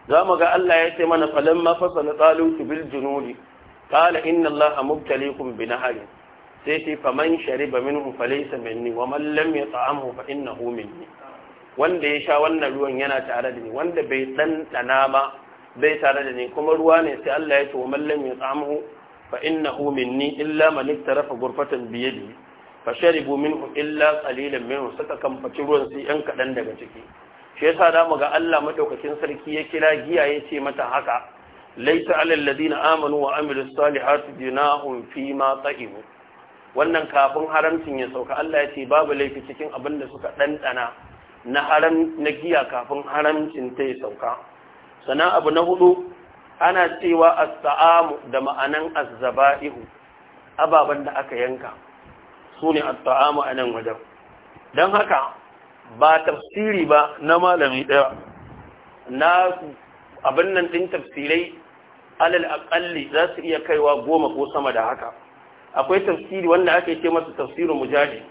za mu ga Allah ya ce mana falamma fasala talut bil junudi qala inna Allah a allaha kun bi naharin sai ce faman shariba minhu falaysa minni wa mallam ya tsa’am hu fa hu minni wanda ya sha wannan ruwan yana tare da ni wanda bai ɗanɗana ba bai tare da ni kuma ruwa ne sai Allah ya ce wa mallam ya tsa’am hu fa hu minni illa man iktarafa ghurfatan biyar yadihi fasharibu minhu illa qalilan minhu kan kamfaci ruwan sai yan kadan daga ciki shi yasa da ga Allah madaukakin sarki ya kira giya ya ce mata haka laita alal ladina amanu wa amilus salihati junahum fi ma ta'ibu wannan kafin haramcin ya sauka Allah yace babu laifi cikin abin da suka dandana na haram na giya kafin haramcin ta ya sauka sana abu na hudu ana cewa as da ma'anan az-zaba'ihu ababan da aka yanka su ne ta'amu a nan wajen don haka ba tafsiri ba na malami ɗaya na abin nan ɗin tafsirai alal aƙalli za su iya kaiwa goma ko sama da haka akwai tafsiri wanda ake ce masa tafsirin mujahid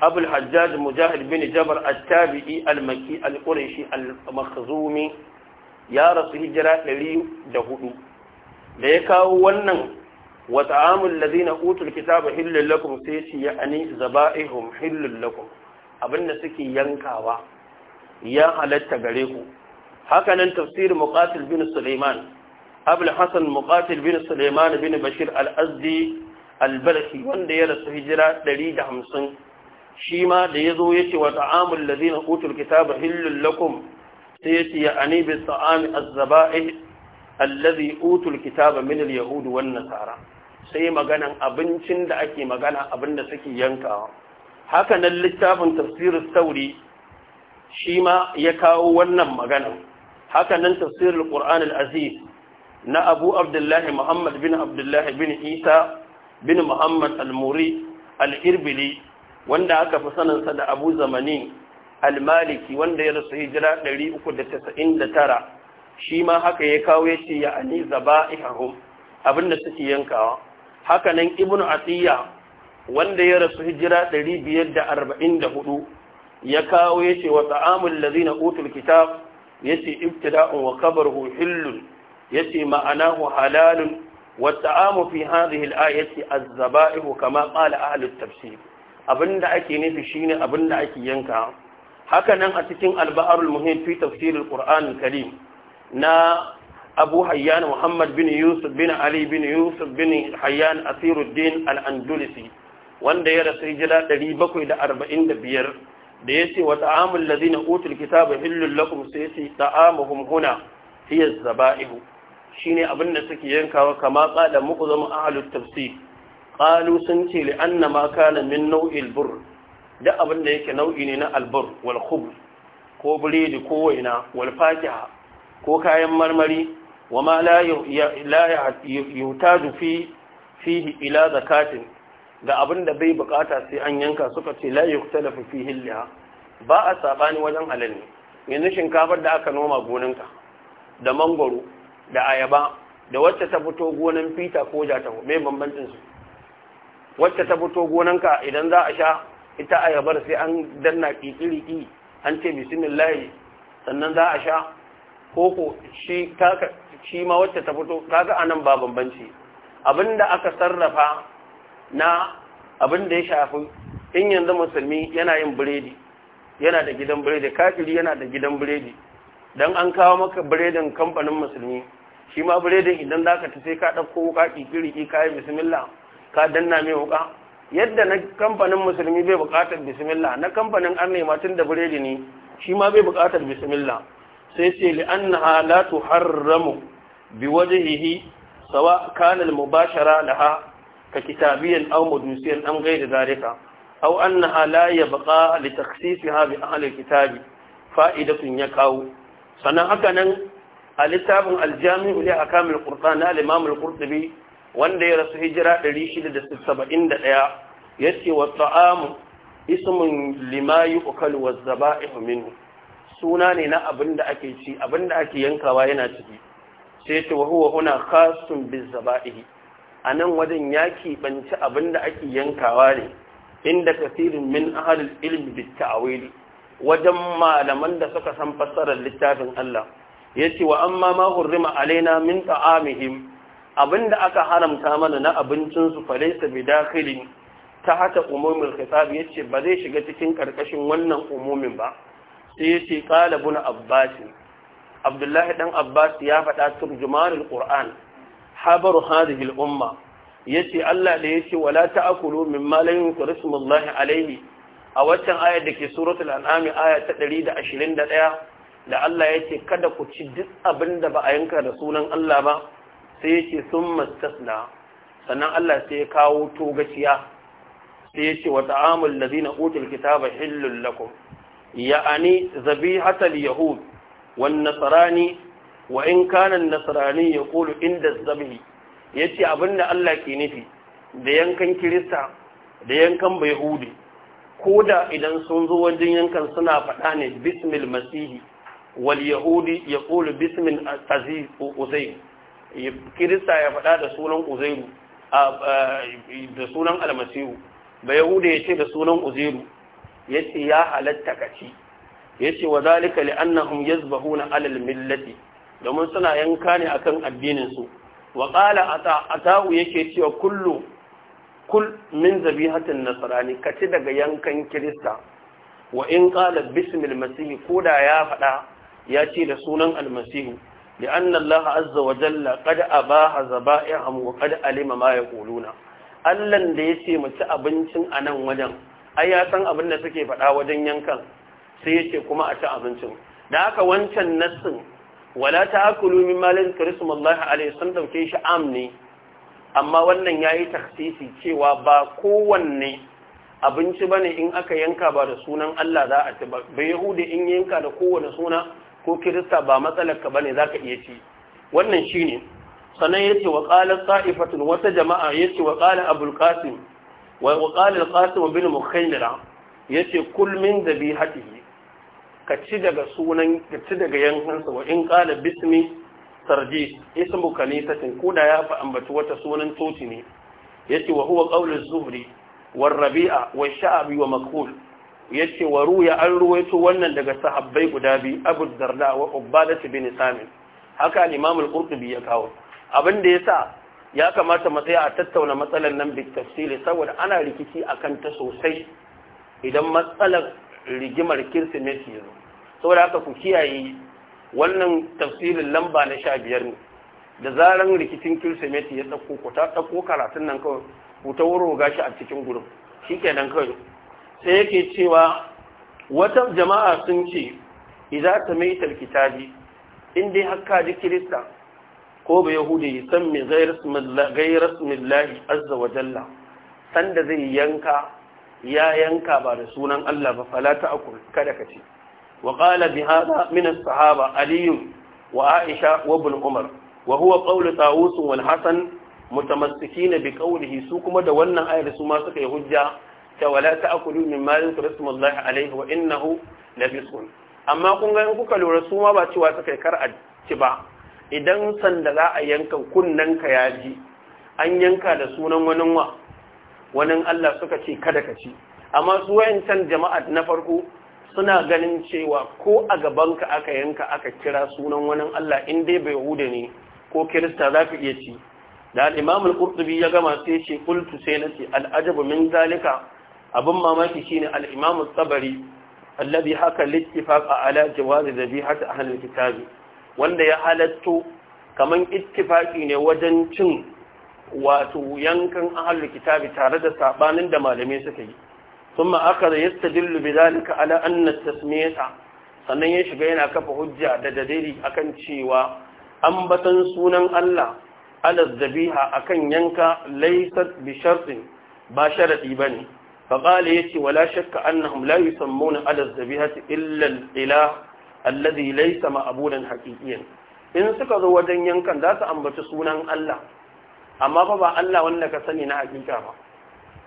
abul hajjaj mujahid bin jabar attabii tabii alƙurashi almakazumi ya rasu hijira 104 da ya kawo wannan wa ta'amul ladina utul kitaba hillul lakum sai shi ya'ani zaba'ihum hillul lakum abinda suke yankawa ya halatta gare ku haka nan tafsir muqatil bin sulaiman abul hasan muqatil bin sulaiman bin bashir al-azdi al-balhi wanda ya rasu hijira 150 shi ma da yazo zo ya ce wa ta'amul ladina utul kitaba hillul lakum sai ya ce ya'ani bi ta'ami az-zaba'i allazi utul kitaba min al-yahud wan nasara sai maganan abincin da ake magana abin da suke yankawa haka littafin tafsirin sauri shi ma ya kawo wannan maganan hakanan tafsirin ƙur'an al'aziz na abu abdullahi muhammad bin abdullahi bin isa bin muhammad al-muri al-irbili wanda aka fi saninsa da abu zamani al-maliki wanda ya rasu hijira 399 shi ma haka ya kawo ya ce ya ani abin da suke yankawa haka nan ibnu asiya wanda ya rasu hijira 544 ya kawo yace wa lazina ladina utul kitab yace ibtida'un wa kabaruhu hillun yace ma'anahu halalun wa ta'amu fi hadhihi al-ayati az-zaba'ihu kama qala ahli at-tafsir abinda ake nufi shine abinda ake yanka haka nan a cikin al-ba'arul muhim fi tafsir al-qur'an al-karim na abu hayyan muhammad bin yusuf bin ali bin yusuf bin hayyan asiruddin al’andulisi wanda ya rasu ɗari 745 da ya ce wa ta’amun lazina utul kitabu hillun lakum sai ce ta’amun humhuna fiye zaba’ihu shi ne abin da yanka wa kama ƙada muku zama a halittar tafsi ƙalu sun ce li an na maka na min nau’i albur da abin da yake nau’i ne na albur wal ko biredi ko waina wal fakiha ko kayan marmari وما لا لا يحتاج فيه فيه الى زكاه ga abin da bai bukata sai an yanka suka ce la yuktalafu fi liha ba a sabani wajen halal ne yanzu shinkafar da aka noma gonanka da mangwaro da ayaba da wacce ta fito gonan fita ko jata me bambancin su wacce ta fito gonanka idan za a sha ita ayabar sai an danna kikiriki an ce bismillah sannan za a sha koko shi shi ma wacce ta fito kaga anan ba bambanci abinda aka sarrafa na abinda ya shafi in yanzu musulmi yana yin biredi yana da gidan biredi kafiri yana da gidan biredi dan an kawo maka biredin kamfanin musulmi shi ma biredin idan zaka ta sai ka dauko ka kikiri ka yi bismillah ka danna mai wuka yadda na kamfanin musulmi bai buƙatar bismillah na kamfanin arne ma tun da biredi ne shi ma bai bukatar bismillah sai ce li'annaha la tuharramu biwajhihi sawa kana al-mubashara laha ka kitabiyan aw mudusiyan am ghayr zalika aw annaha la yabqa li takhsisiha bi ahli al-kitab fa'idatun yaqau sanan haka nan a littafin al-jami'u li ahkam al-qur'an al-imam al-qurtubi wanda ya rasu hijira 671 yace wa ta'amu ismun lima yu'kalu wa zaba'ihu minhu suna ne na abin da ake ci abin da ake yankawa yana ciki sai ta wahuwa huna khasun bin zaba'ihi a nan wajen ya keɓanci abin da ake yankawa ne inda kafirin min ahalul ilmi bi ta'awili wajen malaman da suka san fassarar littafin Allah yace wa amma ma hurrima alaina min ta'amihim abinda aka haramta mana na abincin su falaysa bi dakhilin ta hata umumul khitab yace ba zai shiga cikin karkashin wannan umumin ba sai ya ce ƙalabun Abbasi. abdullahi ɗan abbas ya faɗa turjumanul ƙur'an habaru hadhihi al-umma yace Allah da yace wala ta'kulu mimma la yunkaru ismullahi alaihi, a waccan ayar da ke suratul an'am aya ta 121 da Allah yace kada ku ci duk abin da ba a yanka da sunan Allah ba sai yace summa tasna sannan Allah sai ya kawo togaciya sai yace wa ta'amul ladina utul kitaba hillul lakum ya'ani zabihatal yahud wan nasrani wa in kana an-nasrani yaqulu inda az-zabhi yace abinda Allah ke nufi da yankan kirista da yankan bayhudi koda idan sun zo wajen yankan suna faɗa ne bismil masihi wal yahudi yaqulu bismil aziz uzayr kirista ya faɗa da sunan almasihu ba ya ce da sunan uzayru yace ya halatta kaci yace wa zalika li annahum na alal millati domin suna yanka ne akan addinin su wa qala ata atau yake cewa kullu kul min zabihatin nasrani kaci daga yankan kirista wa in qala bismil masih koda ya fada ya ce da sunan almasihu لأن الله عز وجل قد أباها ذبائحهم وقد علم ما يقولون allan da ya ce mace abincin a nan wajen ai ya san abin da suke faɗa wajen yankan sai yake kuma a ci abincin da aka wancan nassin wala ta akulu min malin alaihi sun dauke shi am ne amma wannan ya yi taksisi cewa ba kowanne abinci ba ne in aka yanka ba da sunan Allah za a ci ba bai yahudi in yanka da kowane suna ko kirista ba matsalar ka ne za iya ci wannan shi ne sannan ya ce wa ƙalar sa'ifatun wata jama'a ya ce wa ƙalar abulkasim waƙalin Kasimu bin mukhaimira ya ce kulmin da bi haɗihi ka ci daga sunan ka ci daga yankansa wa in ƙala bismi sarji ismu ka kuda ya fi ambaci wata sunan toci ne ya ce wa huwa ƙaunin zuhri wa rabi'a wa sha'abi wa makul ya ce wa ruya an ruwaito wannan daga sahabbai guda bi abu zarda wa ubbadati bin samin haka limamul qurtubi ya kawo abin da ya sa ya kamata mu tsaya a tattauna matsalar nan bi saboda ana rikici akan ta sosai idan matsalar rigimar kirsimeti ya zo saboda haka ku kiyaye wannan tafsirin lamba na sha biyar ne da zaran rikicin kirsimeti ya ɗauko ku ta ɗauko karatun nan kawai ku ta wuro gashi a cikin gurin shi kawai sai yake cewa wata jama'a sun ce idan ta mai talkitabi in dai hakka ji kirista ko ba yahudi yusammi ghayra ismillahi azza wa jalla sanda zai yanka ya yanka ba da sunan Allah ba fala ta'kul kada ka ci wa qala bi hada min as-sahaba ali wa aisha wa ibn umar wa huwa qawlu tawus wal hasan mutamassikina bi qawlihi su kuma da wannan ayar su ma suka yi hujja ta wala ta'kulu mimma yuzkuru ismullahi alayhi wa innahu labisun amma kun ga kuka lura su ma ba cewa suka kar a ci ba idan sanda za a yanka kunnen ka ya ji an yanka da sunan wani wa wani Allah suka ce kada ka ci amma su wayancan jama'a na farko suna ganin cewa ko a gaban ka aka yanka aka kira sunan wani Allah in dai bai hude ne ko kirista za ka iya ci da al-qurtubi ya gama sai ce kultu sai na ce al'ajabu min zalika abin mamaki shi ne al-sabari allabi haka littifaƙa ala jawazi da ahli al kitabi wanda ya halatto kaman ittifaki ne wajen cin wato yankan ahlul kitabi tare da sabanin da malamai suka yi thumma akada yastadillu zalika ala anna tasmiyata sannan ya shiga yana kafa hujja da dalili akan cewa ambatan sunan Allah ala zabiha akan yanka laisat bi shartin ba sharadi bane فقال يتي shakka شك أنهم yi يسمون alas الذبيحة إلا الإله alladhi laysa ma'budan haqiqiyan in suka zo wajen yankan za su ambaci sunan Allah amma fa ba Allah wanda ka sani na hakika ba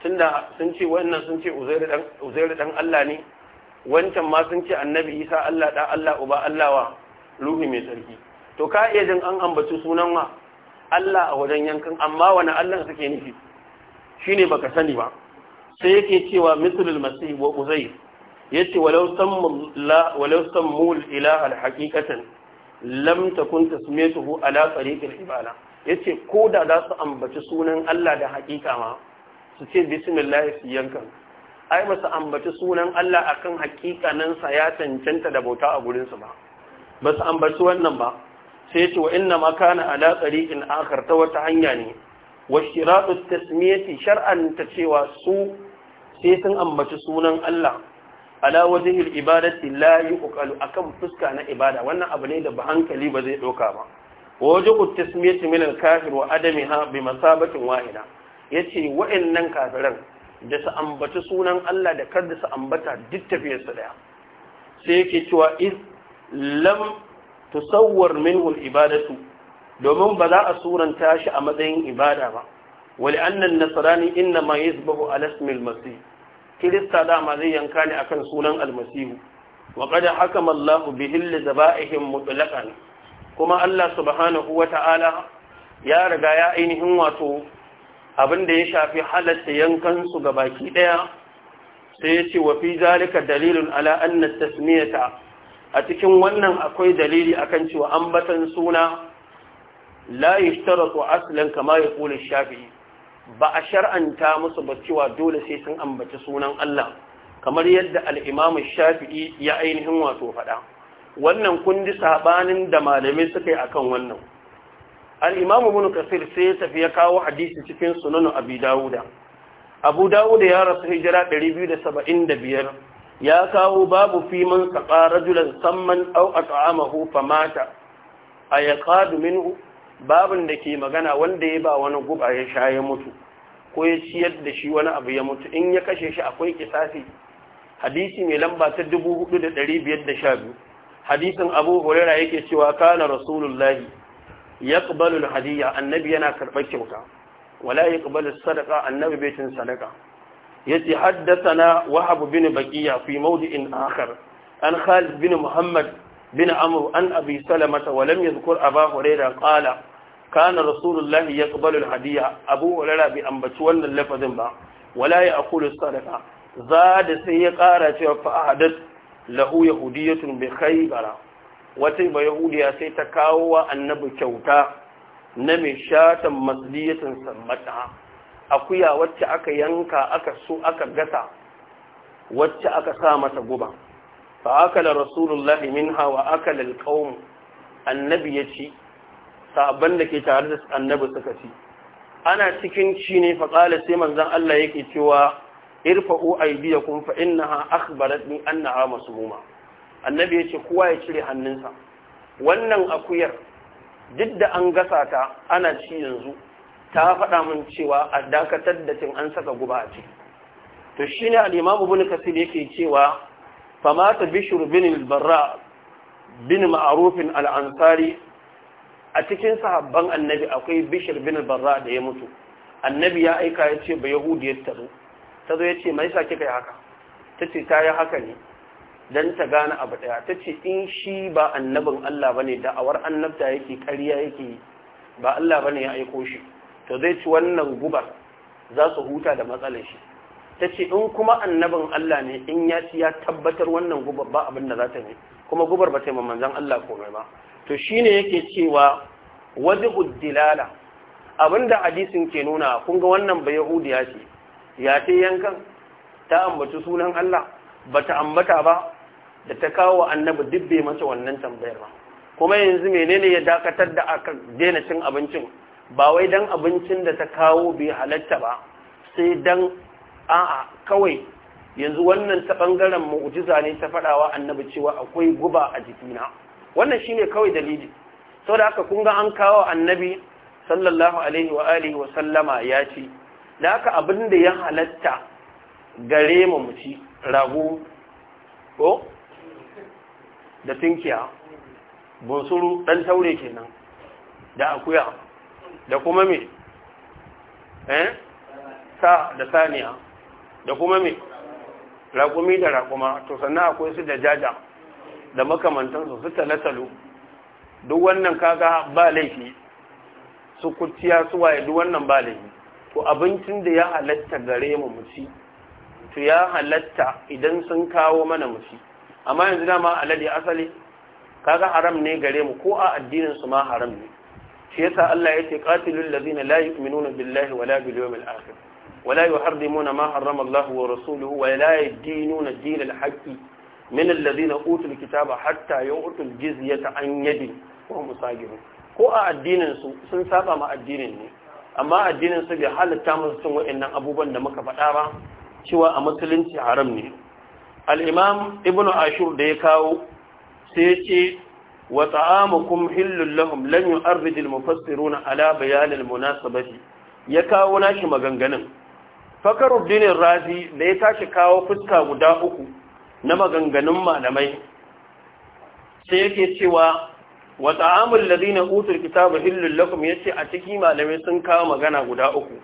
tunda sun ce wannan sun ce uzairu dan uzairu dan Allah ne wancan ma sun ce annabi Isa Allah da Allah uba Allah wa ruhi mai tsarki to ka iya jin an ambaci sunan wa Allah a wajen yankan amma wani Allah suke nufi shine baka sani ba sai yake cewa mithlul masih wa uzair yace walau sammu la walau sammu ilaha haqiqatan lam takun tasmiyatuhu ala tariqil ibada yace ko da za su ambaci sunan Allah da haƙiƙa ma su ce bismillah su yanka. ai ba su ambaci sunan Allah akan haƙiƙanin sa ya cancanta da bauta a gurin su ba ba su ambaci wannan ba sai yace wa inna ma kana ala tariqin akhar ta wata hanya ne wa shiratu tasmiyati shar'an ta cewa su sai sun ambaci sunan Allah ala wajhil ibadati la a akan fuska na ibada wannan abu ne da ba hankali ba zai ɗauka ba wajhu tasmiyati min al-kafir wa adamiha bi ya ce yace wa'annan kafiran da su ambaci sunan Allah da kar da su ambata duk tafiyar su sai yake cewa iz lam tusawwar minhu ibadatu domin ba za a suranta shi a matsayin ibada ba wali annan nasrani inna ma yasbahu ala ismil masih kirista dama zai yanka ne akan sunan almasihu wa qad hakama Allah bihi li zaba'ihim mutlaqan kuma Allah subhanahu wata'ala ya riga ya ainihin wato abin da ya shafi halatta yankan su ga baki daya sai ya ce wa fi zalika dalilun ala anna tasmiyata a cikin wannan akwai dalili akan cewa ambatan suna la yashtaratu aslan kama yaqulu shafi'i ba a shar'anta musu ba cewa dole sai sun ambaci sunan Allah kamar yadda al'imamu shafi'i ya ainihin wato faɗa wannan kundi sabanin da malamai suka yi akan kan wannan al'imamu bin kasir sai ya tafi ya kawo hadisi cikin sunan abu dawuda abu dawuda ya rasu hijira 275 ya kawo babu fiman saƙa rajulan samman au a ta'amahu famata a ya minhu babin da ke magana wanda ya ba wani guba ya sha ya mutu ko ya ciyar da shi wani abu ya mutu in ya kashe shi akwai kisasi hadisi mai lamba ta 4512 hadisin abu huraira yake cewa kana rasulullahi yaqbalu Hadiyya annabi yana karɓar kyauta wala yaqbalu sadaka annabi sadaka ya ce haddasa na wahab bin baqiya fi maudi'in akhar an khalid bin muhammad bin Amur an abi salamata walam lam yadhkur aba huraira qala kana rasulullahi yaqbalu alhadiya abu hurairah bi ambaci wannan lafazin ba wala ya aqulu sadaqa zada sai ya ƙara cewa fa ahadat lahu yahudiyatun bi khaybara wata ba yahudiya sai ta kawo wa annabi kyauta na mai shatan masliyatan sammata akuya wacce aka yanka aka aka gasa wacce aka sa mata guba fa akala rasulullahi minha wa akala alqawm annabi yaci sahabban da ke tare da annabi suka ci ana cikin ci ne fa qala sai manzon Allah yake cewa irfa'u aydiyakum fa innaha akhbaratni annaha masmuma annabi ya ce kowa ya cire hannunsa wannan akuyar duk da an gasa ta ana ci yanzu ta faɗa min cewa a dakatar da cin an saka guba a ciki to shine al-imamu ibn kasir yake cewa famata bishr bin al-barra bin ma'ruf al-ansari a cikin sahabban annabi akwai bishir bin barra da ya mutu annabi ya aika ya ce ba yahudiyar ya taru. ta zo ya ce mai sa kika yi haka ta ce ta yi haka ne don ta gane abu daya ta ce in shi ba annabin Allah ba ne da'awar annabta yake karya yake ba Allah ba ne ya aiko shi to zai ci wannan gubar za su huta da matsalar shi ta ce in kuma annabin Allah ne in ya ci ya tabbatar wannan gubar ba abin da za ta ne kuma gubar ba ta yi manzan Allah komai ba to shine yake cewa wajibud dilala abinda hadisin ke nuna kun ga wannan ba yahudiya ce ya ce yankan ta ambaci sunan Allah bata ambata ba da ta kawo annabi dibbe masa wannan tambayar ba kuma yanzu menene ya dakatar da aka daina cin abincin ba wai dan abincin da ta kawo bai halatta ba sai dan a'a kawai yanzu wannan ta bangaren mu'jiza ne ta fadawa annabi cewa akwai guba a jikina wannan shine kawai dalili saboda haka kun ga an kawo annabi sallallahu alaihi wa alihi wa sallama ya ci da haka abin da ya halatta gare mu mu rago ko da tinkiya bunsuru dan taure kenan da akuya da kuma me eh sa da saniya da kuma me raƙumi da raƙuma to sannan akwai su da jaja da makamantansu su talatalo duk wannan kaga ba laifi su kuciya su waye duk wannan ba laifi to abincin da ya halatta gare mu muci to ya halatta idan sun kawo mana muci amma yanzu dama alade asali kaga haram ne gare mu ko a addinin su ma haram ne shi yasa Allah yake qatilul ladina la yu'minuna billahi wala bil yawmil akhir ma يحرمون ما حرم الله ورسوله ولا yadinuna dinal haqqi من الذين اوتوا الكتاب حتى يعطوا الجزيه عن يد وهم صاغرون ko a addinin su sun saba ma addinin ne amma addinin su bai halatta musu cin wa'annan abubuwan da muka faɗa ba cewa a musulunci haram ne al-imam ibn ashur da ya kawo sai ya ce wa ta'amukum hillul lahum lam yu'arrid al-mufassiruna ala bayan al ya kawo nashi maganganun fakaruddin razi da ya tashi kawo fuska guda uku na maganganun malamai sai yake cewa wa ta'amul ladina utul kitaba illal lakum yace a ciki malamai sun kawo magana guda uku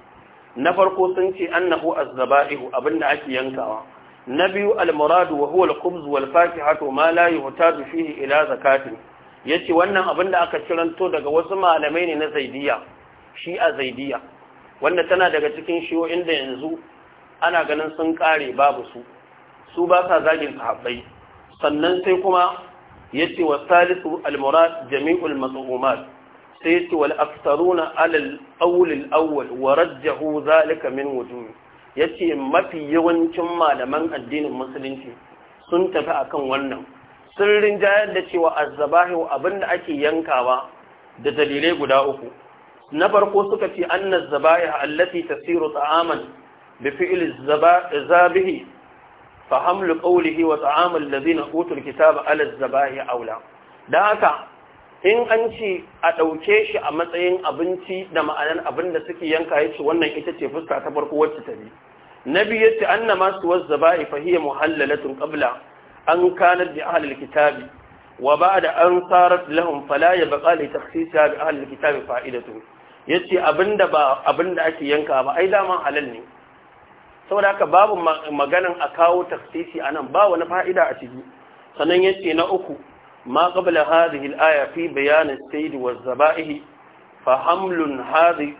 na farko sun ce annahu azzaba'ihu abinda ake yankawa na biyu almuradu wa huwa alqubz wal fakihatu ma la yuhtaju fihi ila zakatin yace wannan abinda aka kiranto daga wasu malamai ne na zaidiya shi a zaidiya wanda tana daga cikin shiyo inda yanzu ana ganin sun kare babu su su ba sa zagin sahabbai sannan sai kuma yace wa salisu al-murad jami'ul mathumat sai yace wal aktaruna al al-awwal wa rajjahu zalika min ya yace mafi yawancin malaman addinin musulunci sun tafi akan wannan sun rinjayar da cewa azzabahu abinda ake yankawa da dalilai guda uku na farko suka ce anna zabaih allati tasiru ta'aman bi fi'l zabihi fa hamlu qawlihi wa ta'amul ladina utul kitaba ala zabahi aula Da haka in an ce a ɗauke shi a matsayin abinci da ma'anar abin da suke yanka ya wannan ita ce fuska ta farko wacce ta bi na biyu ya ce an na masu wasu muhallalatun ƙabla an kanar da ahalar kitabi wa ba da an tsarar lahun fala ya baƙa da taksisa da ahalar kitabi fa'idatu ya ce ba abinda ake yanka ba ai dama halal ne saboda haka babu maganan a kawo taksisi a nan ba wani fa'ida a ciki sannan yace na uku ma qabla hadhihi al-aya fi bayan as-sayd wa az-zaba'ih fa hamlun hadhihi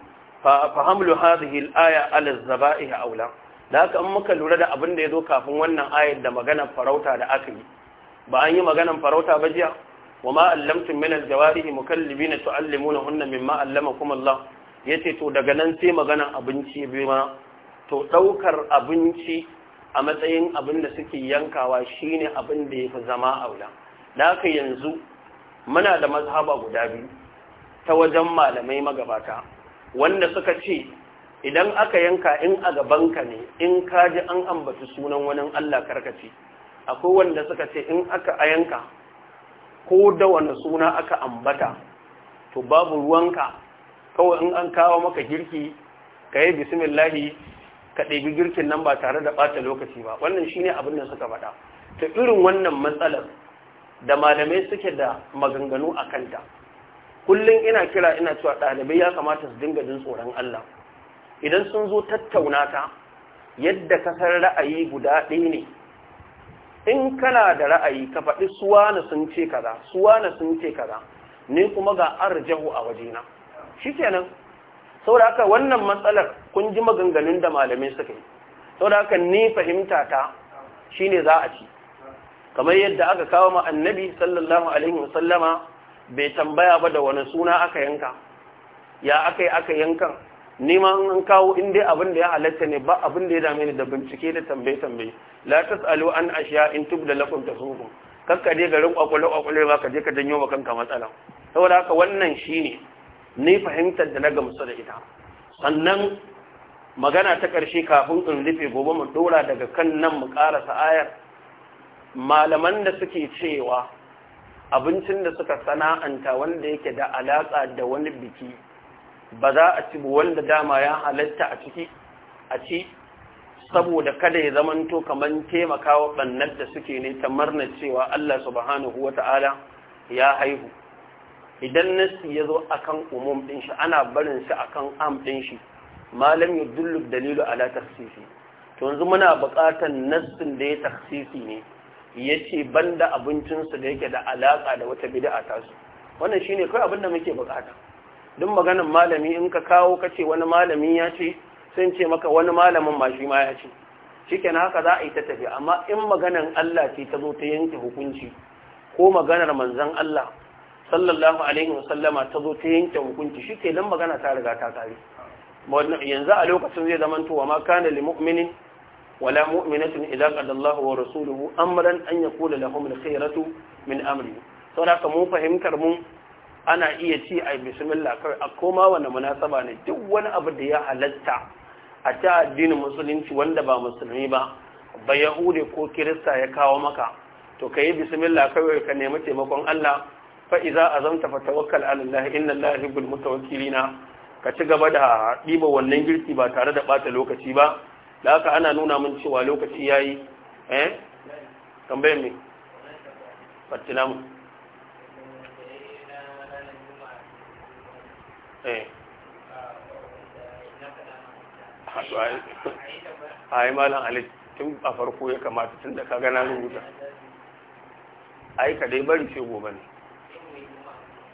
hadhihi al-aya ala az aula da haka in muka lura da abin da zo kafin wannan ayar da maganan farauta da aka yi ba an yi maganan farauta ba jiya wa ma allamtum min al-jawarih mukallibina tu'allimunahunna mimma allamakum Allah yace to daga nan sai maganan abinci bi ma to ɗaukar abinci a matsayin abin da suke yankawa shine abin da ya fi zama aula da haka yanzu muna da mazhaba guda biyu ta wajen malamai magabata wanda suka ce idan aka yanka in a gabanka ne in ka ji an ambaci sunan wani Allah karkace akwai wanda suka ce in aka yanka ko da wani suna aka ambata to babu ruwanka kawai in an kawo maka girki ka yi bismillahi ka ɗebi girkin nan ba tare da ɓata lokaci ba wannan shi ne abin da suka faɗa ta irin wannan matsalar da malamai suke da maganganu a kanta kullum ina kira ina cewa ɗalibai ya kamata su dinga jin tsoron Allah idan sun zo tattauna ta yadda ka ra'ayi guda ɗaya ne in kana da ra'ayi ka faɗi suwa na sun ce kaza suwa na sun ce kaza ne kuma ga arjahu a wajena kenan saboda haka wannan matsalar kun ji maganganun da malamai suka yi saboda haka ni fahimta ta shine za a ci kamar yadda aka kawo ma annabi sallallahu alaihi wasallama bai tambaya ba da wani suna aka yanka ya aka yi aka yankan neman an kawo inda abin da ya halatta ne ba abin da ya dame ni da bincike da tambaye-tambaye la tas'alu an ashiya in tubda lakum tasuhu kakka garin kwakwale kwakwale ba ka je ka janyo wa kanka matsala saboda haka wannan shine ni fahimtar da na gamsu da ita sannan magana ta ƙarshe kafin in rufe gobe mu dora daga kan nan mu ƙarasa ayar malaman da suke cewa abincin da suka sana'anta wanda yake da alaƙa da wani biki ba za a ci wanda dama ya halatta a ciki a ci saboda kada ya zamanto kamar taimakawa ɓannar da suke ne ta marna cewa Allah subhanahu wata'ala ya haihu idan nasi ya zo akan umum din shi ana barin shi akan am ɗin shi malam ya dullu dalilu ala taksisi to yanzu muna buƙatar nassin da ya taksisi ne ya ce banda abincinsu da yake da alaƙa da wata bid'a tasu wannan shine kai abin da muke buƙata duk maganar malami in ka kawo ka ce wani malami ya ce sun ce maka wani malamin ma shi ma ya ce shikenan haka za a yi ta tafi amma in maganar Allah ce ta zo ta yanke hukunci ko maganar manzon Allah sallallahu alaihi wasallama ta zo ta yanke hukunci shi ke nan magana ta riga ta kare yanzu a lokacin zai zama wa ma kana li mu'minin wala mu'minatin idza qada Allahu wa rasuluhu amran an yaqula lahum al-khayratu min amri da ka mu fahimtar mu ana iya ci a bismillah kar a koma wani munasaba ne duk wani abu da ya halatta a ta addinin musulunci wanda ba musulmi ba ba yahude ko kirista ya kawo maka to ka yi bismillah kawai ka nemi taimakon Allah fa iza azamta fa tawakkal ala Allah inna Allah yuhibbul mutawakkilina ka ci gaba da diba wannan girki ba tare da bata lokaci ba da haka ana nuna min cewa lokaci yayi eh tambayar me fatina mu eh a yi malan alit tun a farko ya kamata tun da ka gana rubuta ai ka dai bari ce gobe ne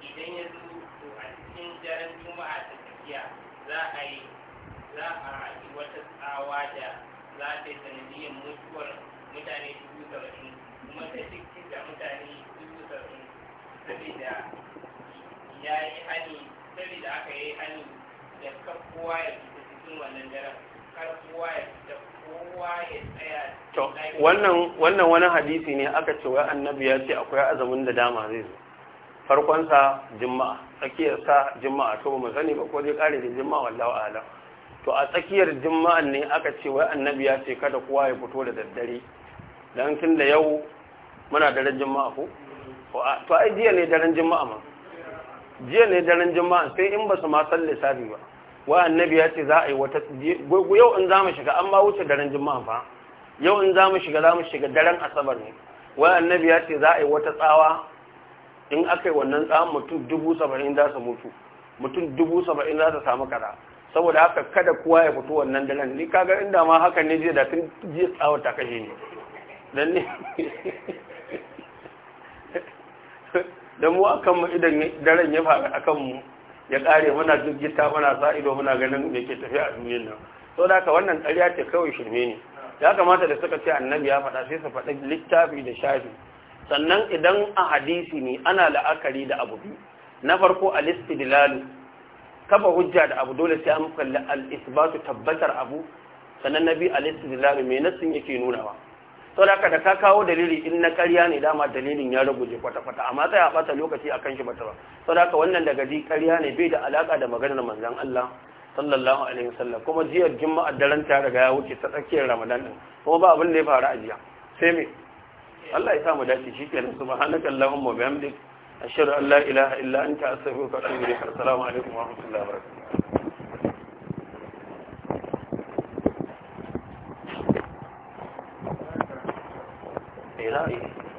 idan ya zo to a cikin daren juma'a ta tafiya za a yi za a yi wata tsawa da za ta yi sanadiyyar mutuwar mutane dubu saba'in kuma ta cikin da mutane dubu saba'in saboda ya yi hani saboda aka yi hani da kowa ya fita cikin wannan daren kar kowa ya fita kowa ya tsaya to wannan wannan wani hadisi ne aka ce wai annabi ya ce akwai azamin da dama zai zo farkonsa jima'a tsakiyarsa jima'a to mu sani ba ko zai kare da jima'a wallahu a'lam to a tsakiyar jima'an ne aka ce wai annabi ya ce kada kowa ya fito da daddare dan tun da yau muna daren jima'a ko to ai jiya ne daren jima'a ma jiya ne daren jima'a sai in ba su ma san lissafi ba wai annabi ya ce za a yi wata yau in za mu shiga an ma wuce daren jima'a fa yau in za mu shiga za mu shiga daren asabar ne wai annabi ya ce za a yi wata tsawa in aka yi wannan tsawon mutum dubu saba'in za su mutu mutum dubu saba'in za su samu kara saboda haka kada kuwa ya fito wannan daren ni kaga inda ma haka ne jiya da tun jiya tsawon ta kashe ne don ne don mu akan mu idan daren ya faru akan mu ya kare muna jirgita muna sa ido muna ganin da ke tafiya a duniyar nan so da haka wannan ƙarya ce kawai shirme ne ya kamata da suka ce annabi ya faɗa sai su faɗa littafi da shafi sannan idan a hadisi ne ana la'akari da abu biyu na farko al-istidlalu kafa hujja da abu dole sai an kalli al isbat tabbatar abu sannan nabi al istidlal me nassin yake nunawa to da da ka kawo dalili in na ƙarya ne dama dalilin ya ruguje kwata-kwata amma sai a bata lokaci akan shi bata ba to da wannan daga di ƙarya ne bai da alaka da maganar manzon Allah sallallahu alaihi wasallam kuma jiya juma'a daren ta riga ya wuce ta tsakiyar Ramadan din kuma ba abin da ya faru a jiya sai me Allah ya samu dace shi kenan subhanaka allahumma bihamdik ashhadu an la ilaha illa anta astaghfiruka wa atubu ilaik assalamu alaikum wa rahmatullahi wa barakatuh إلهي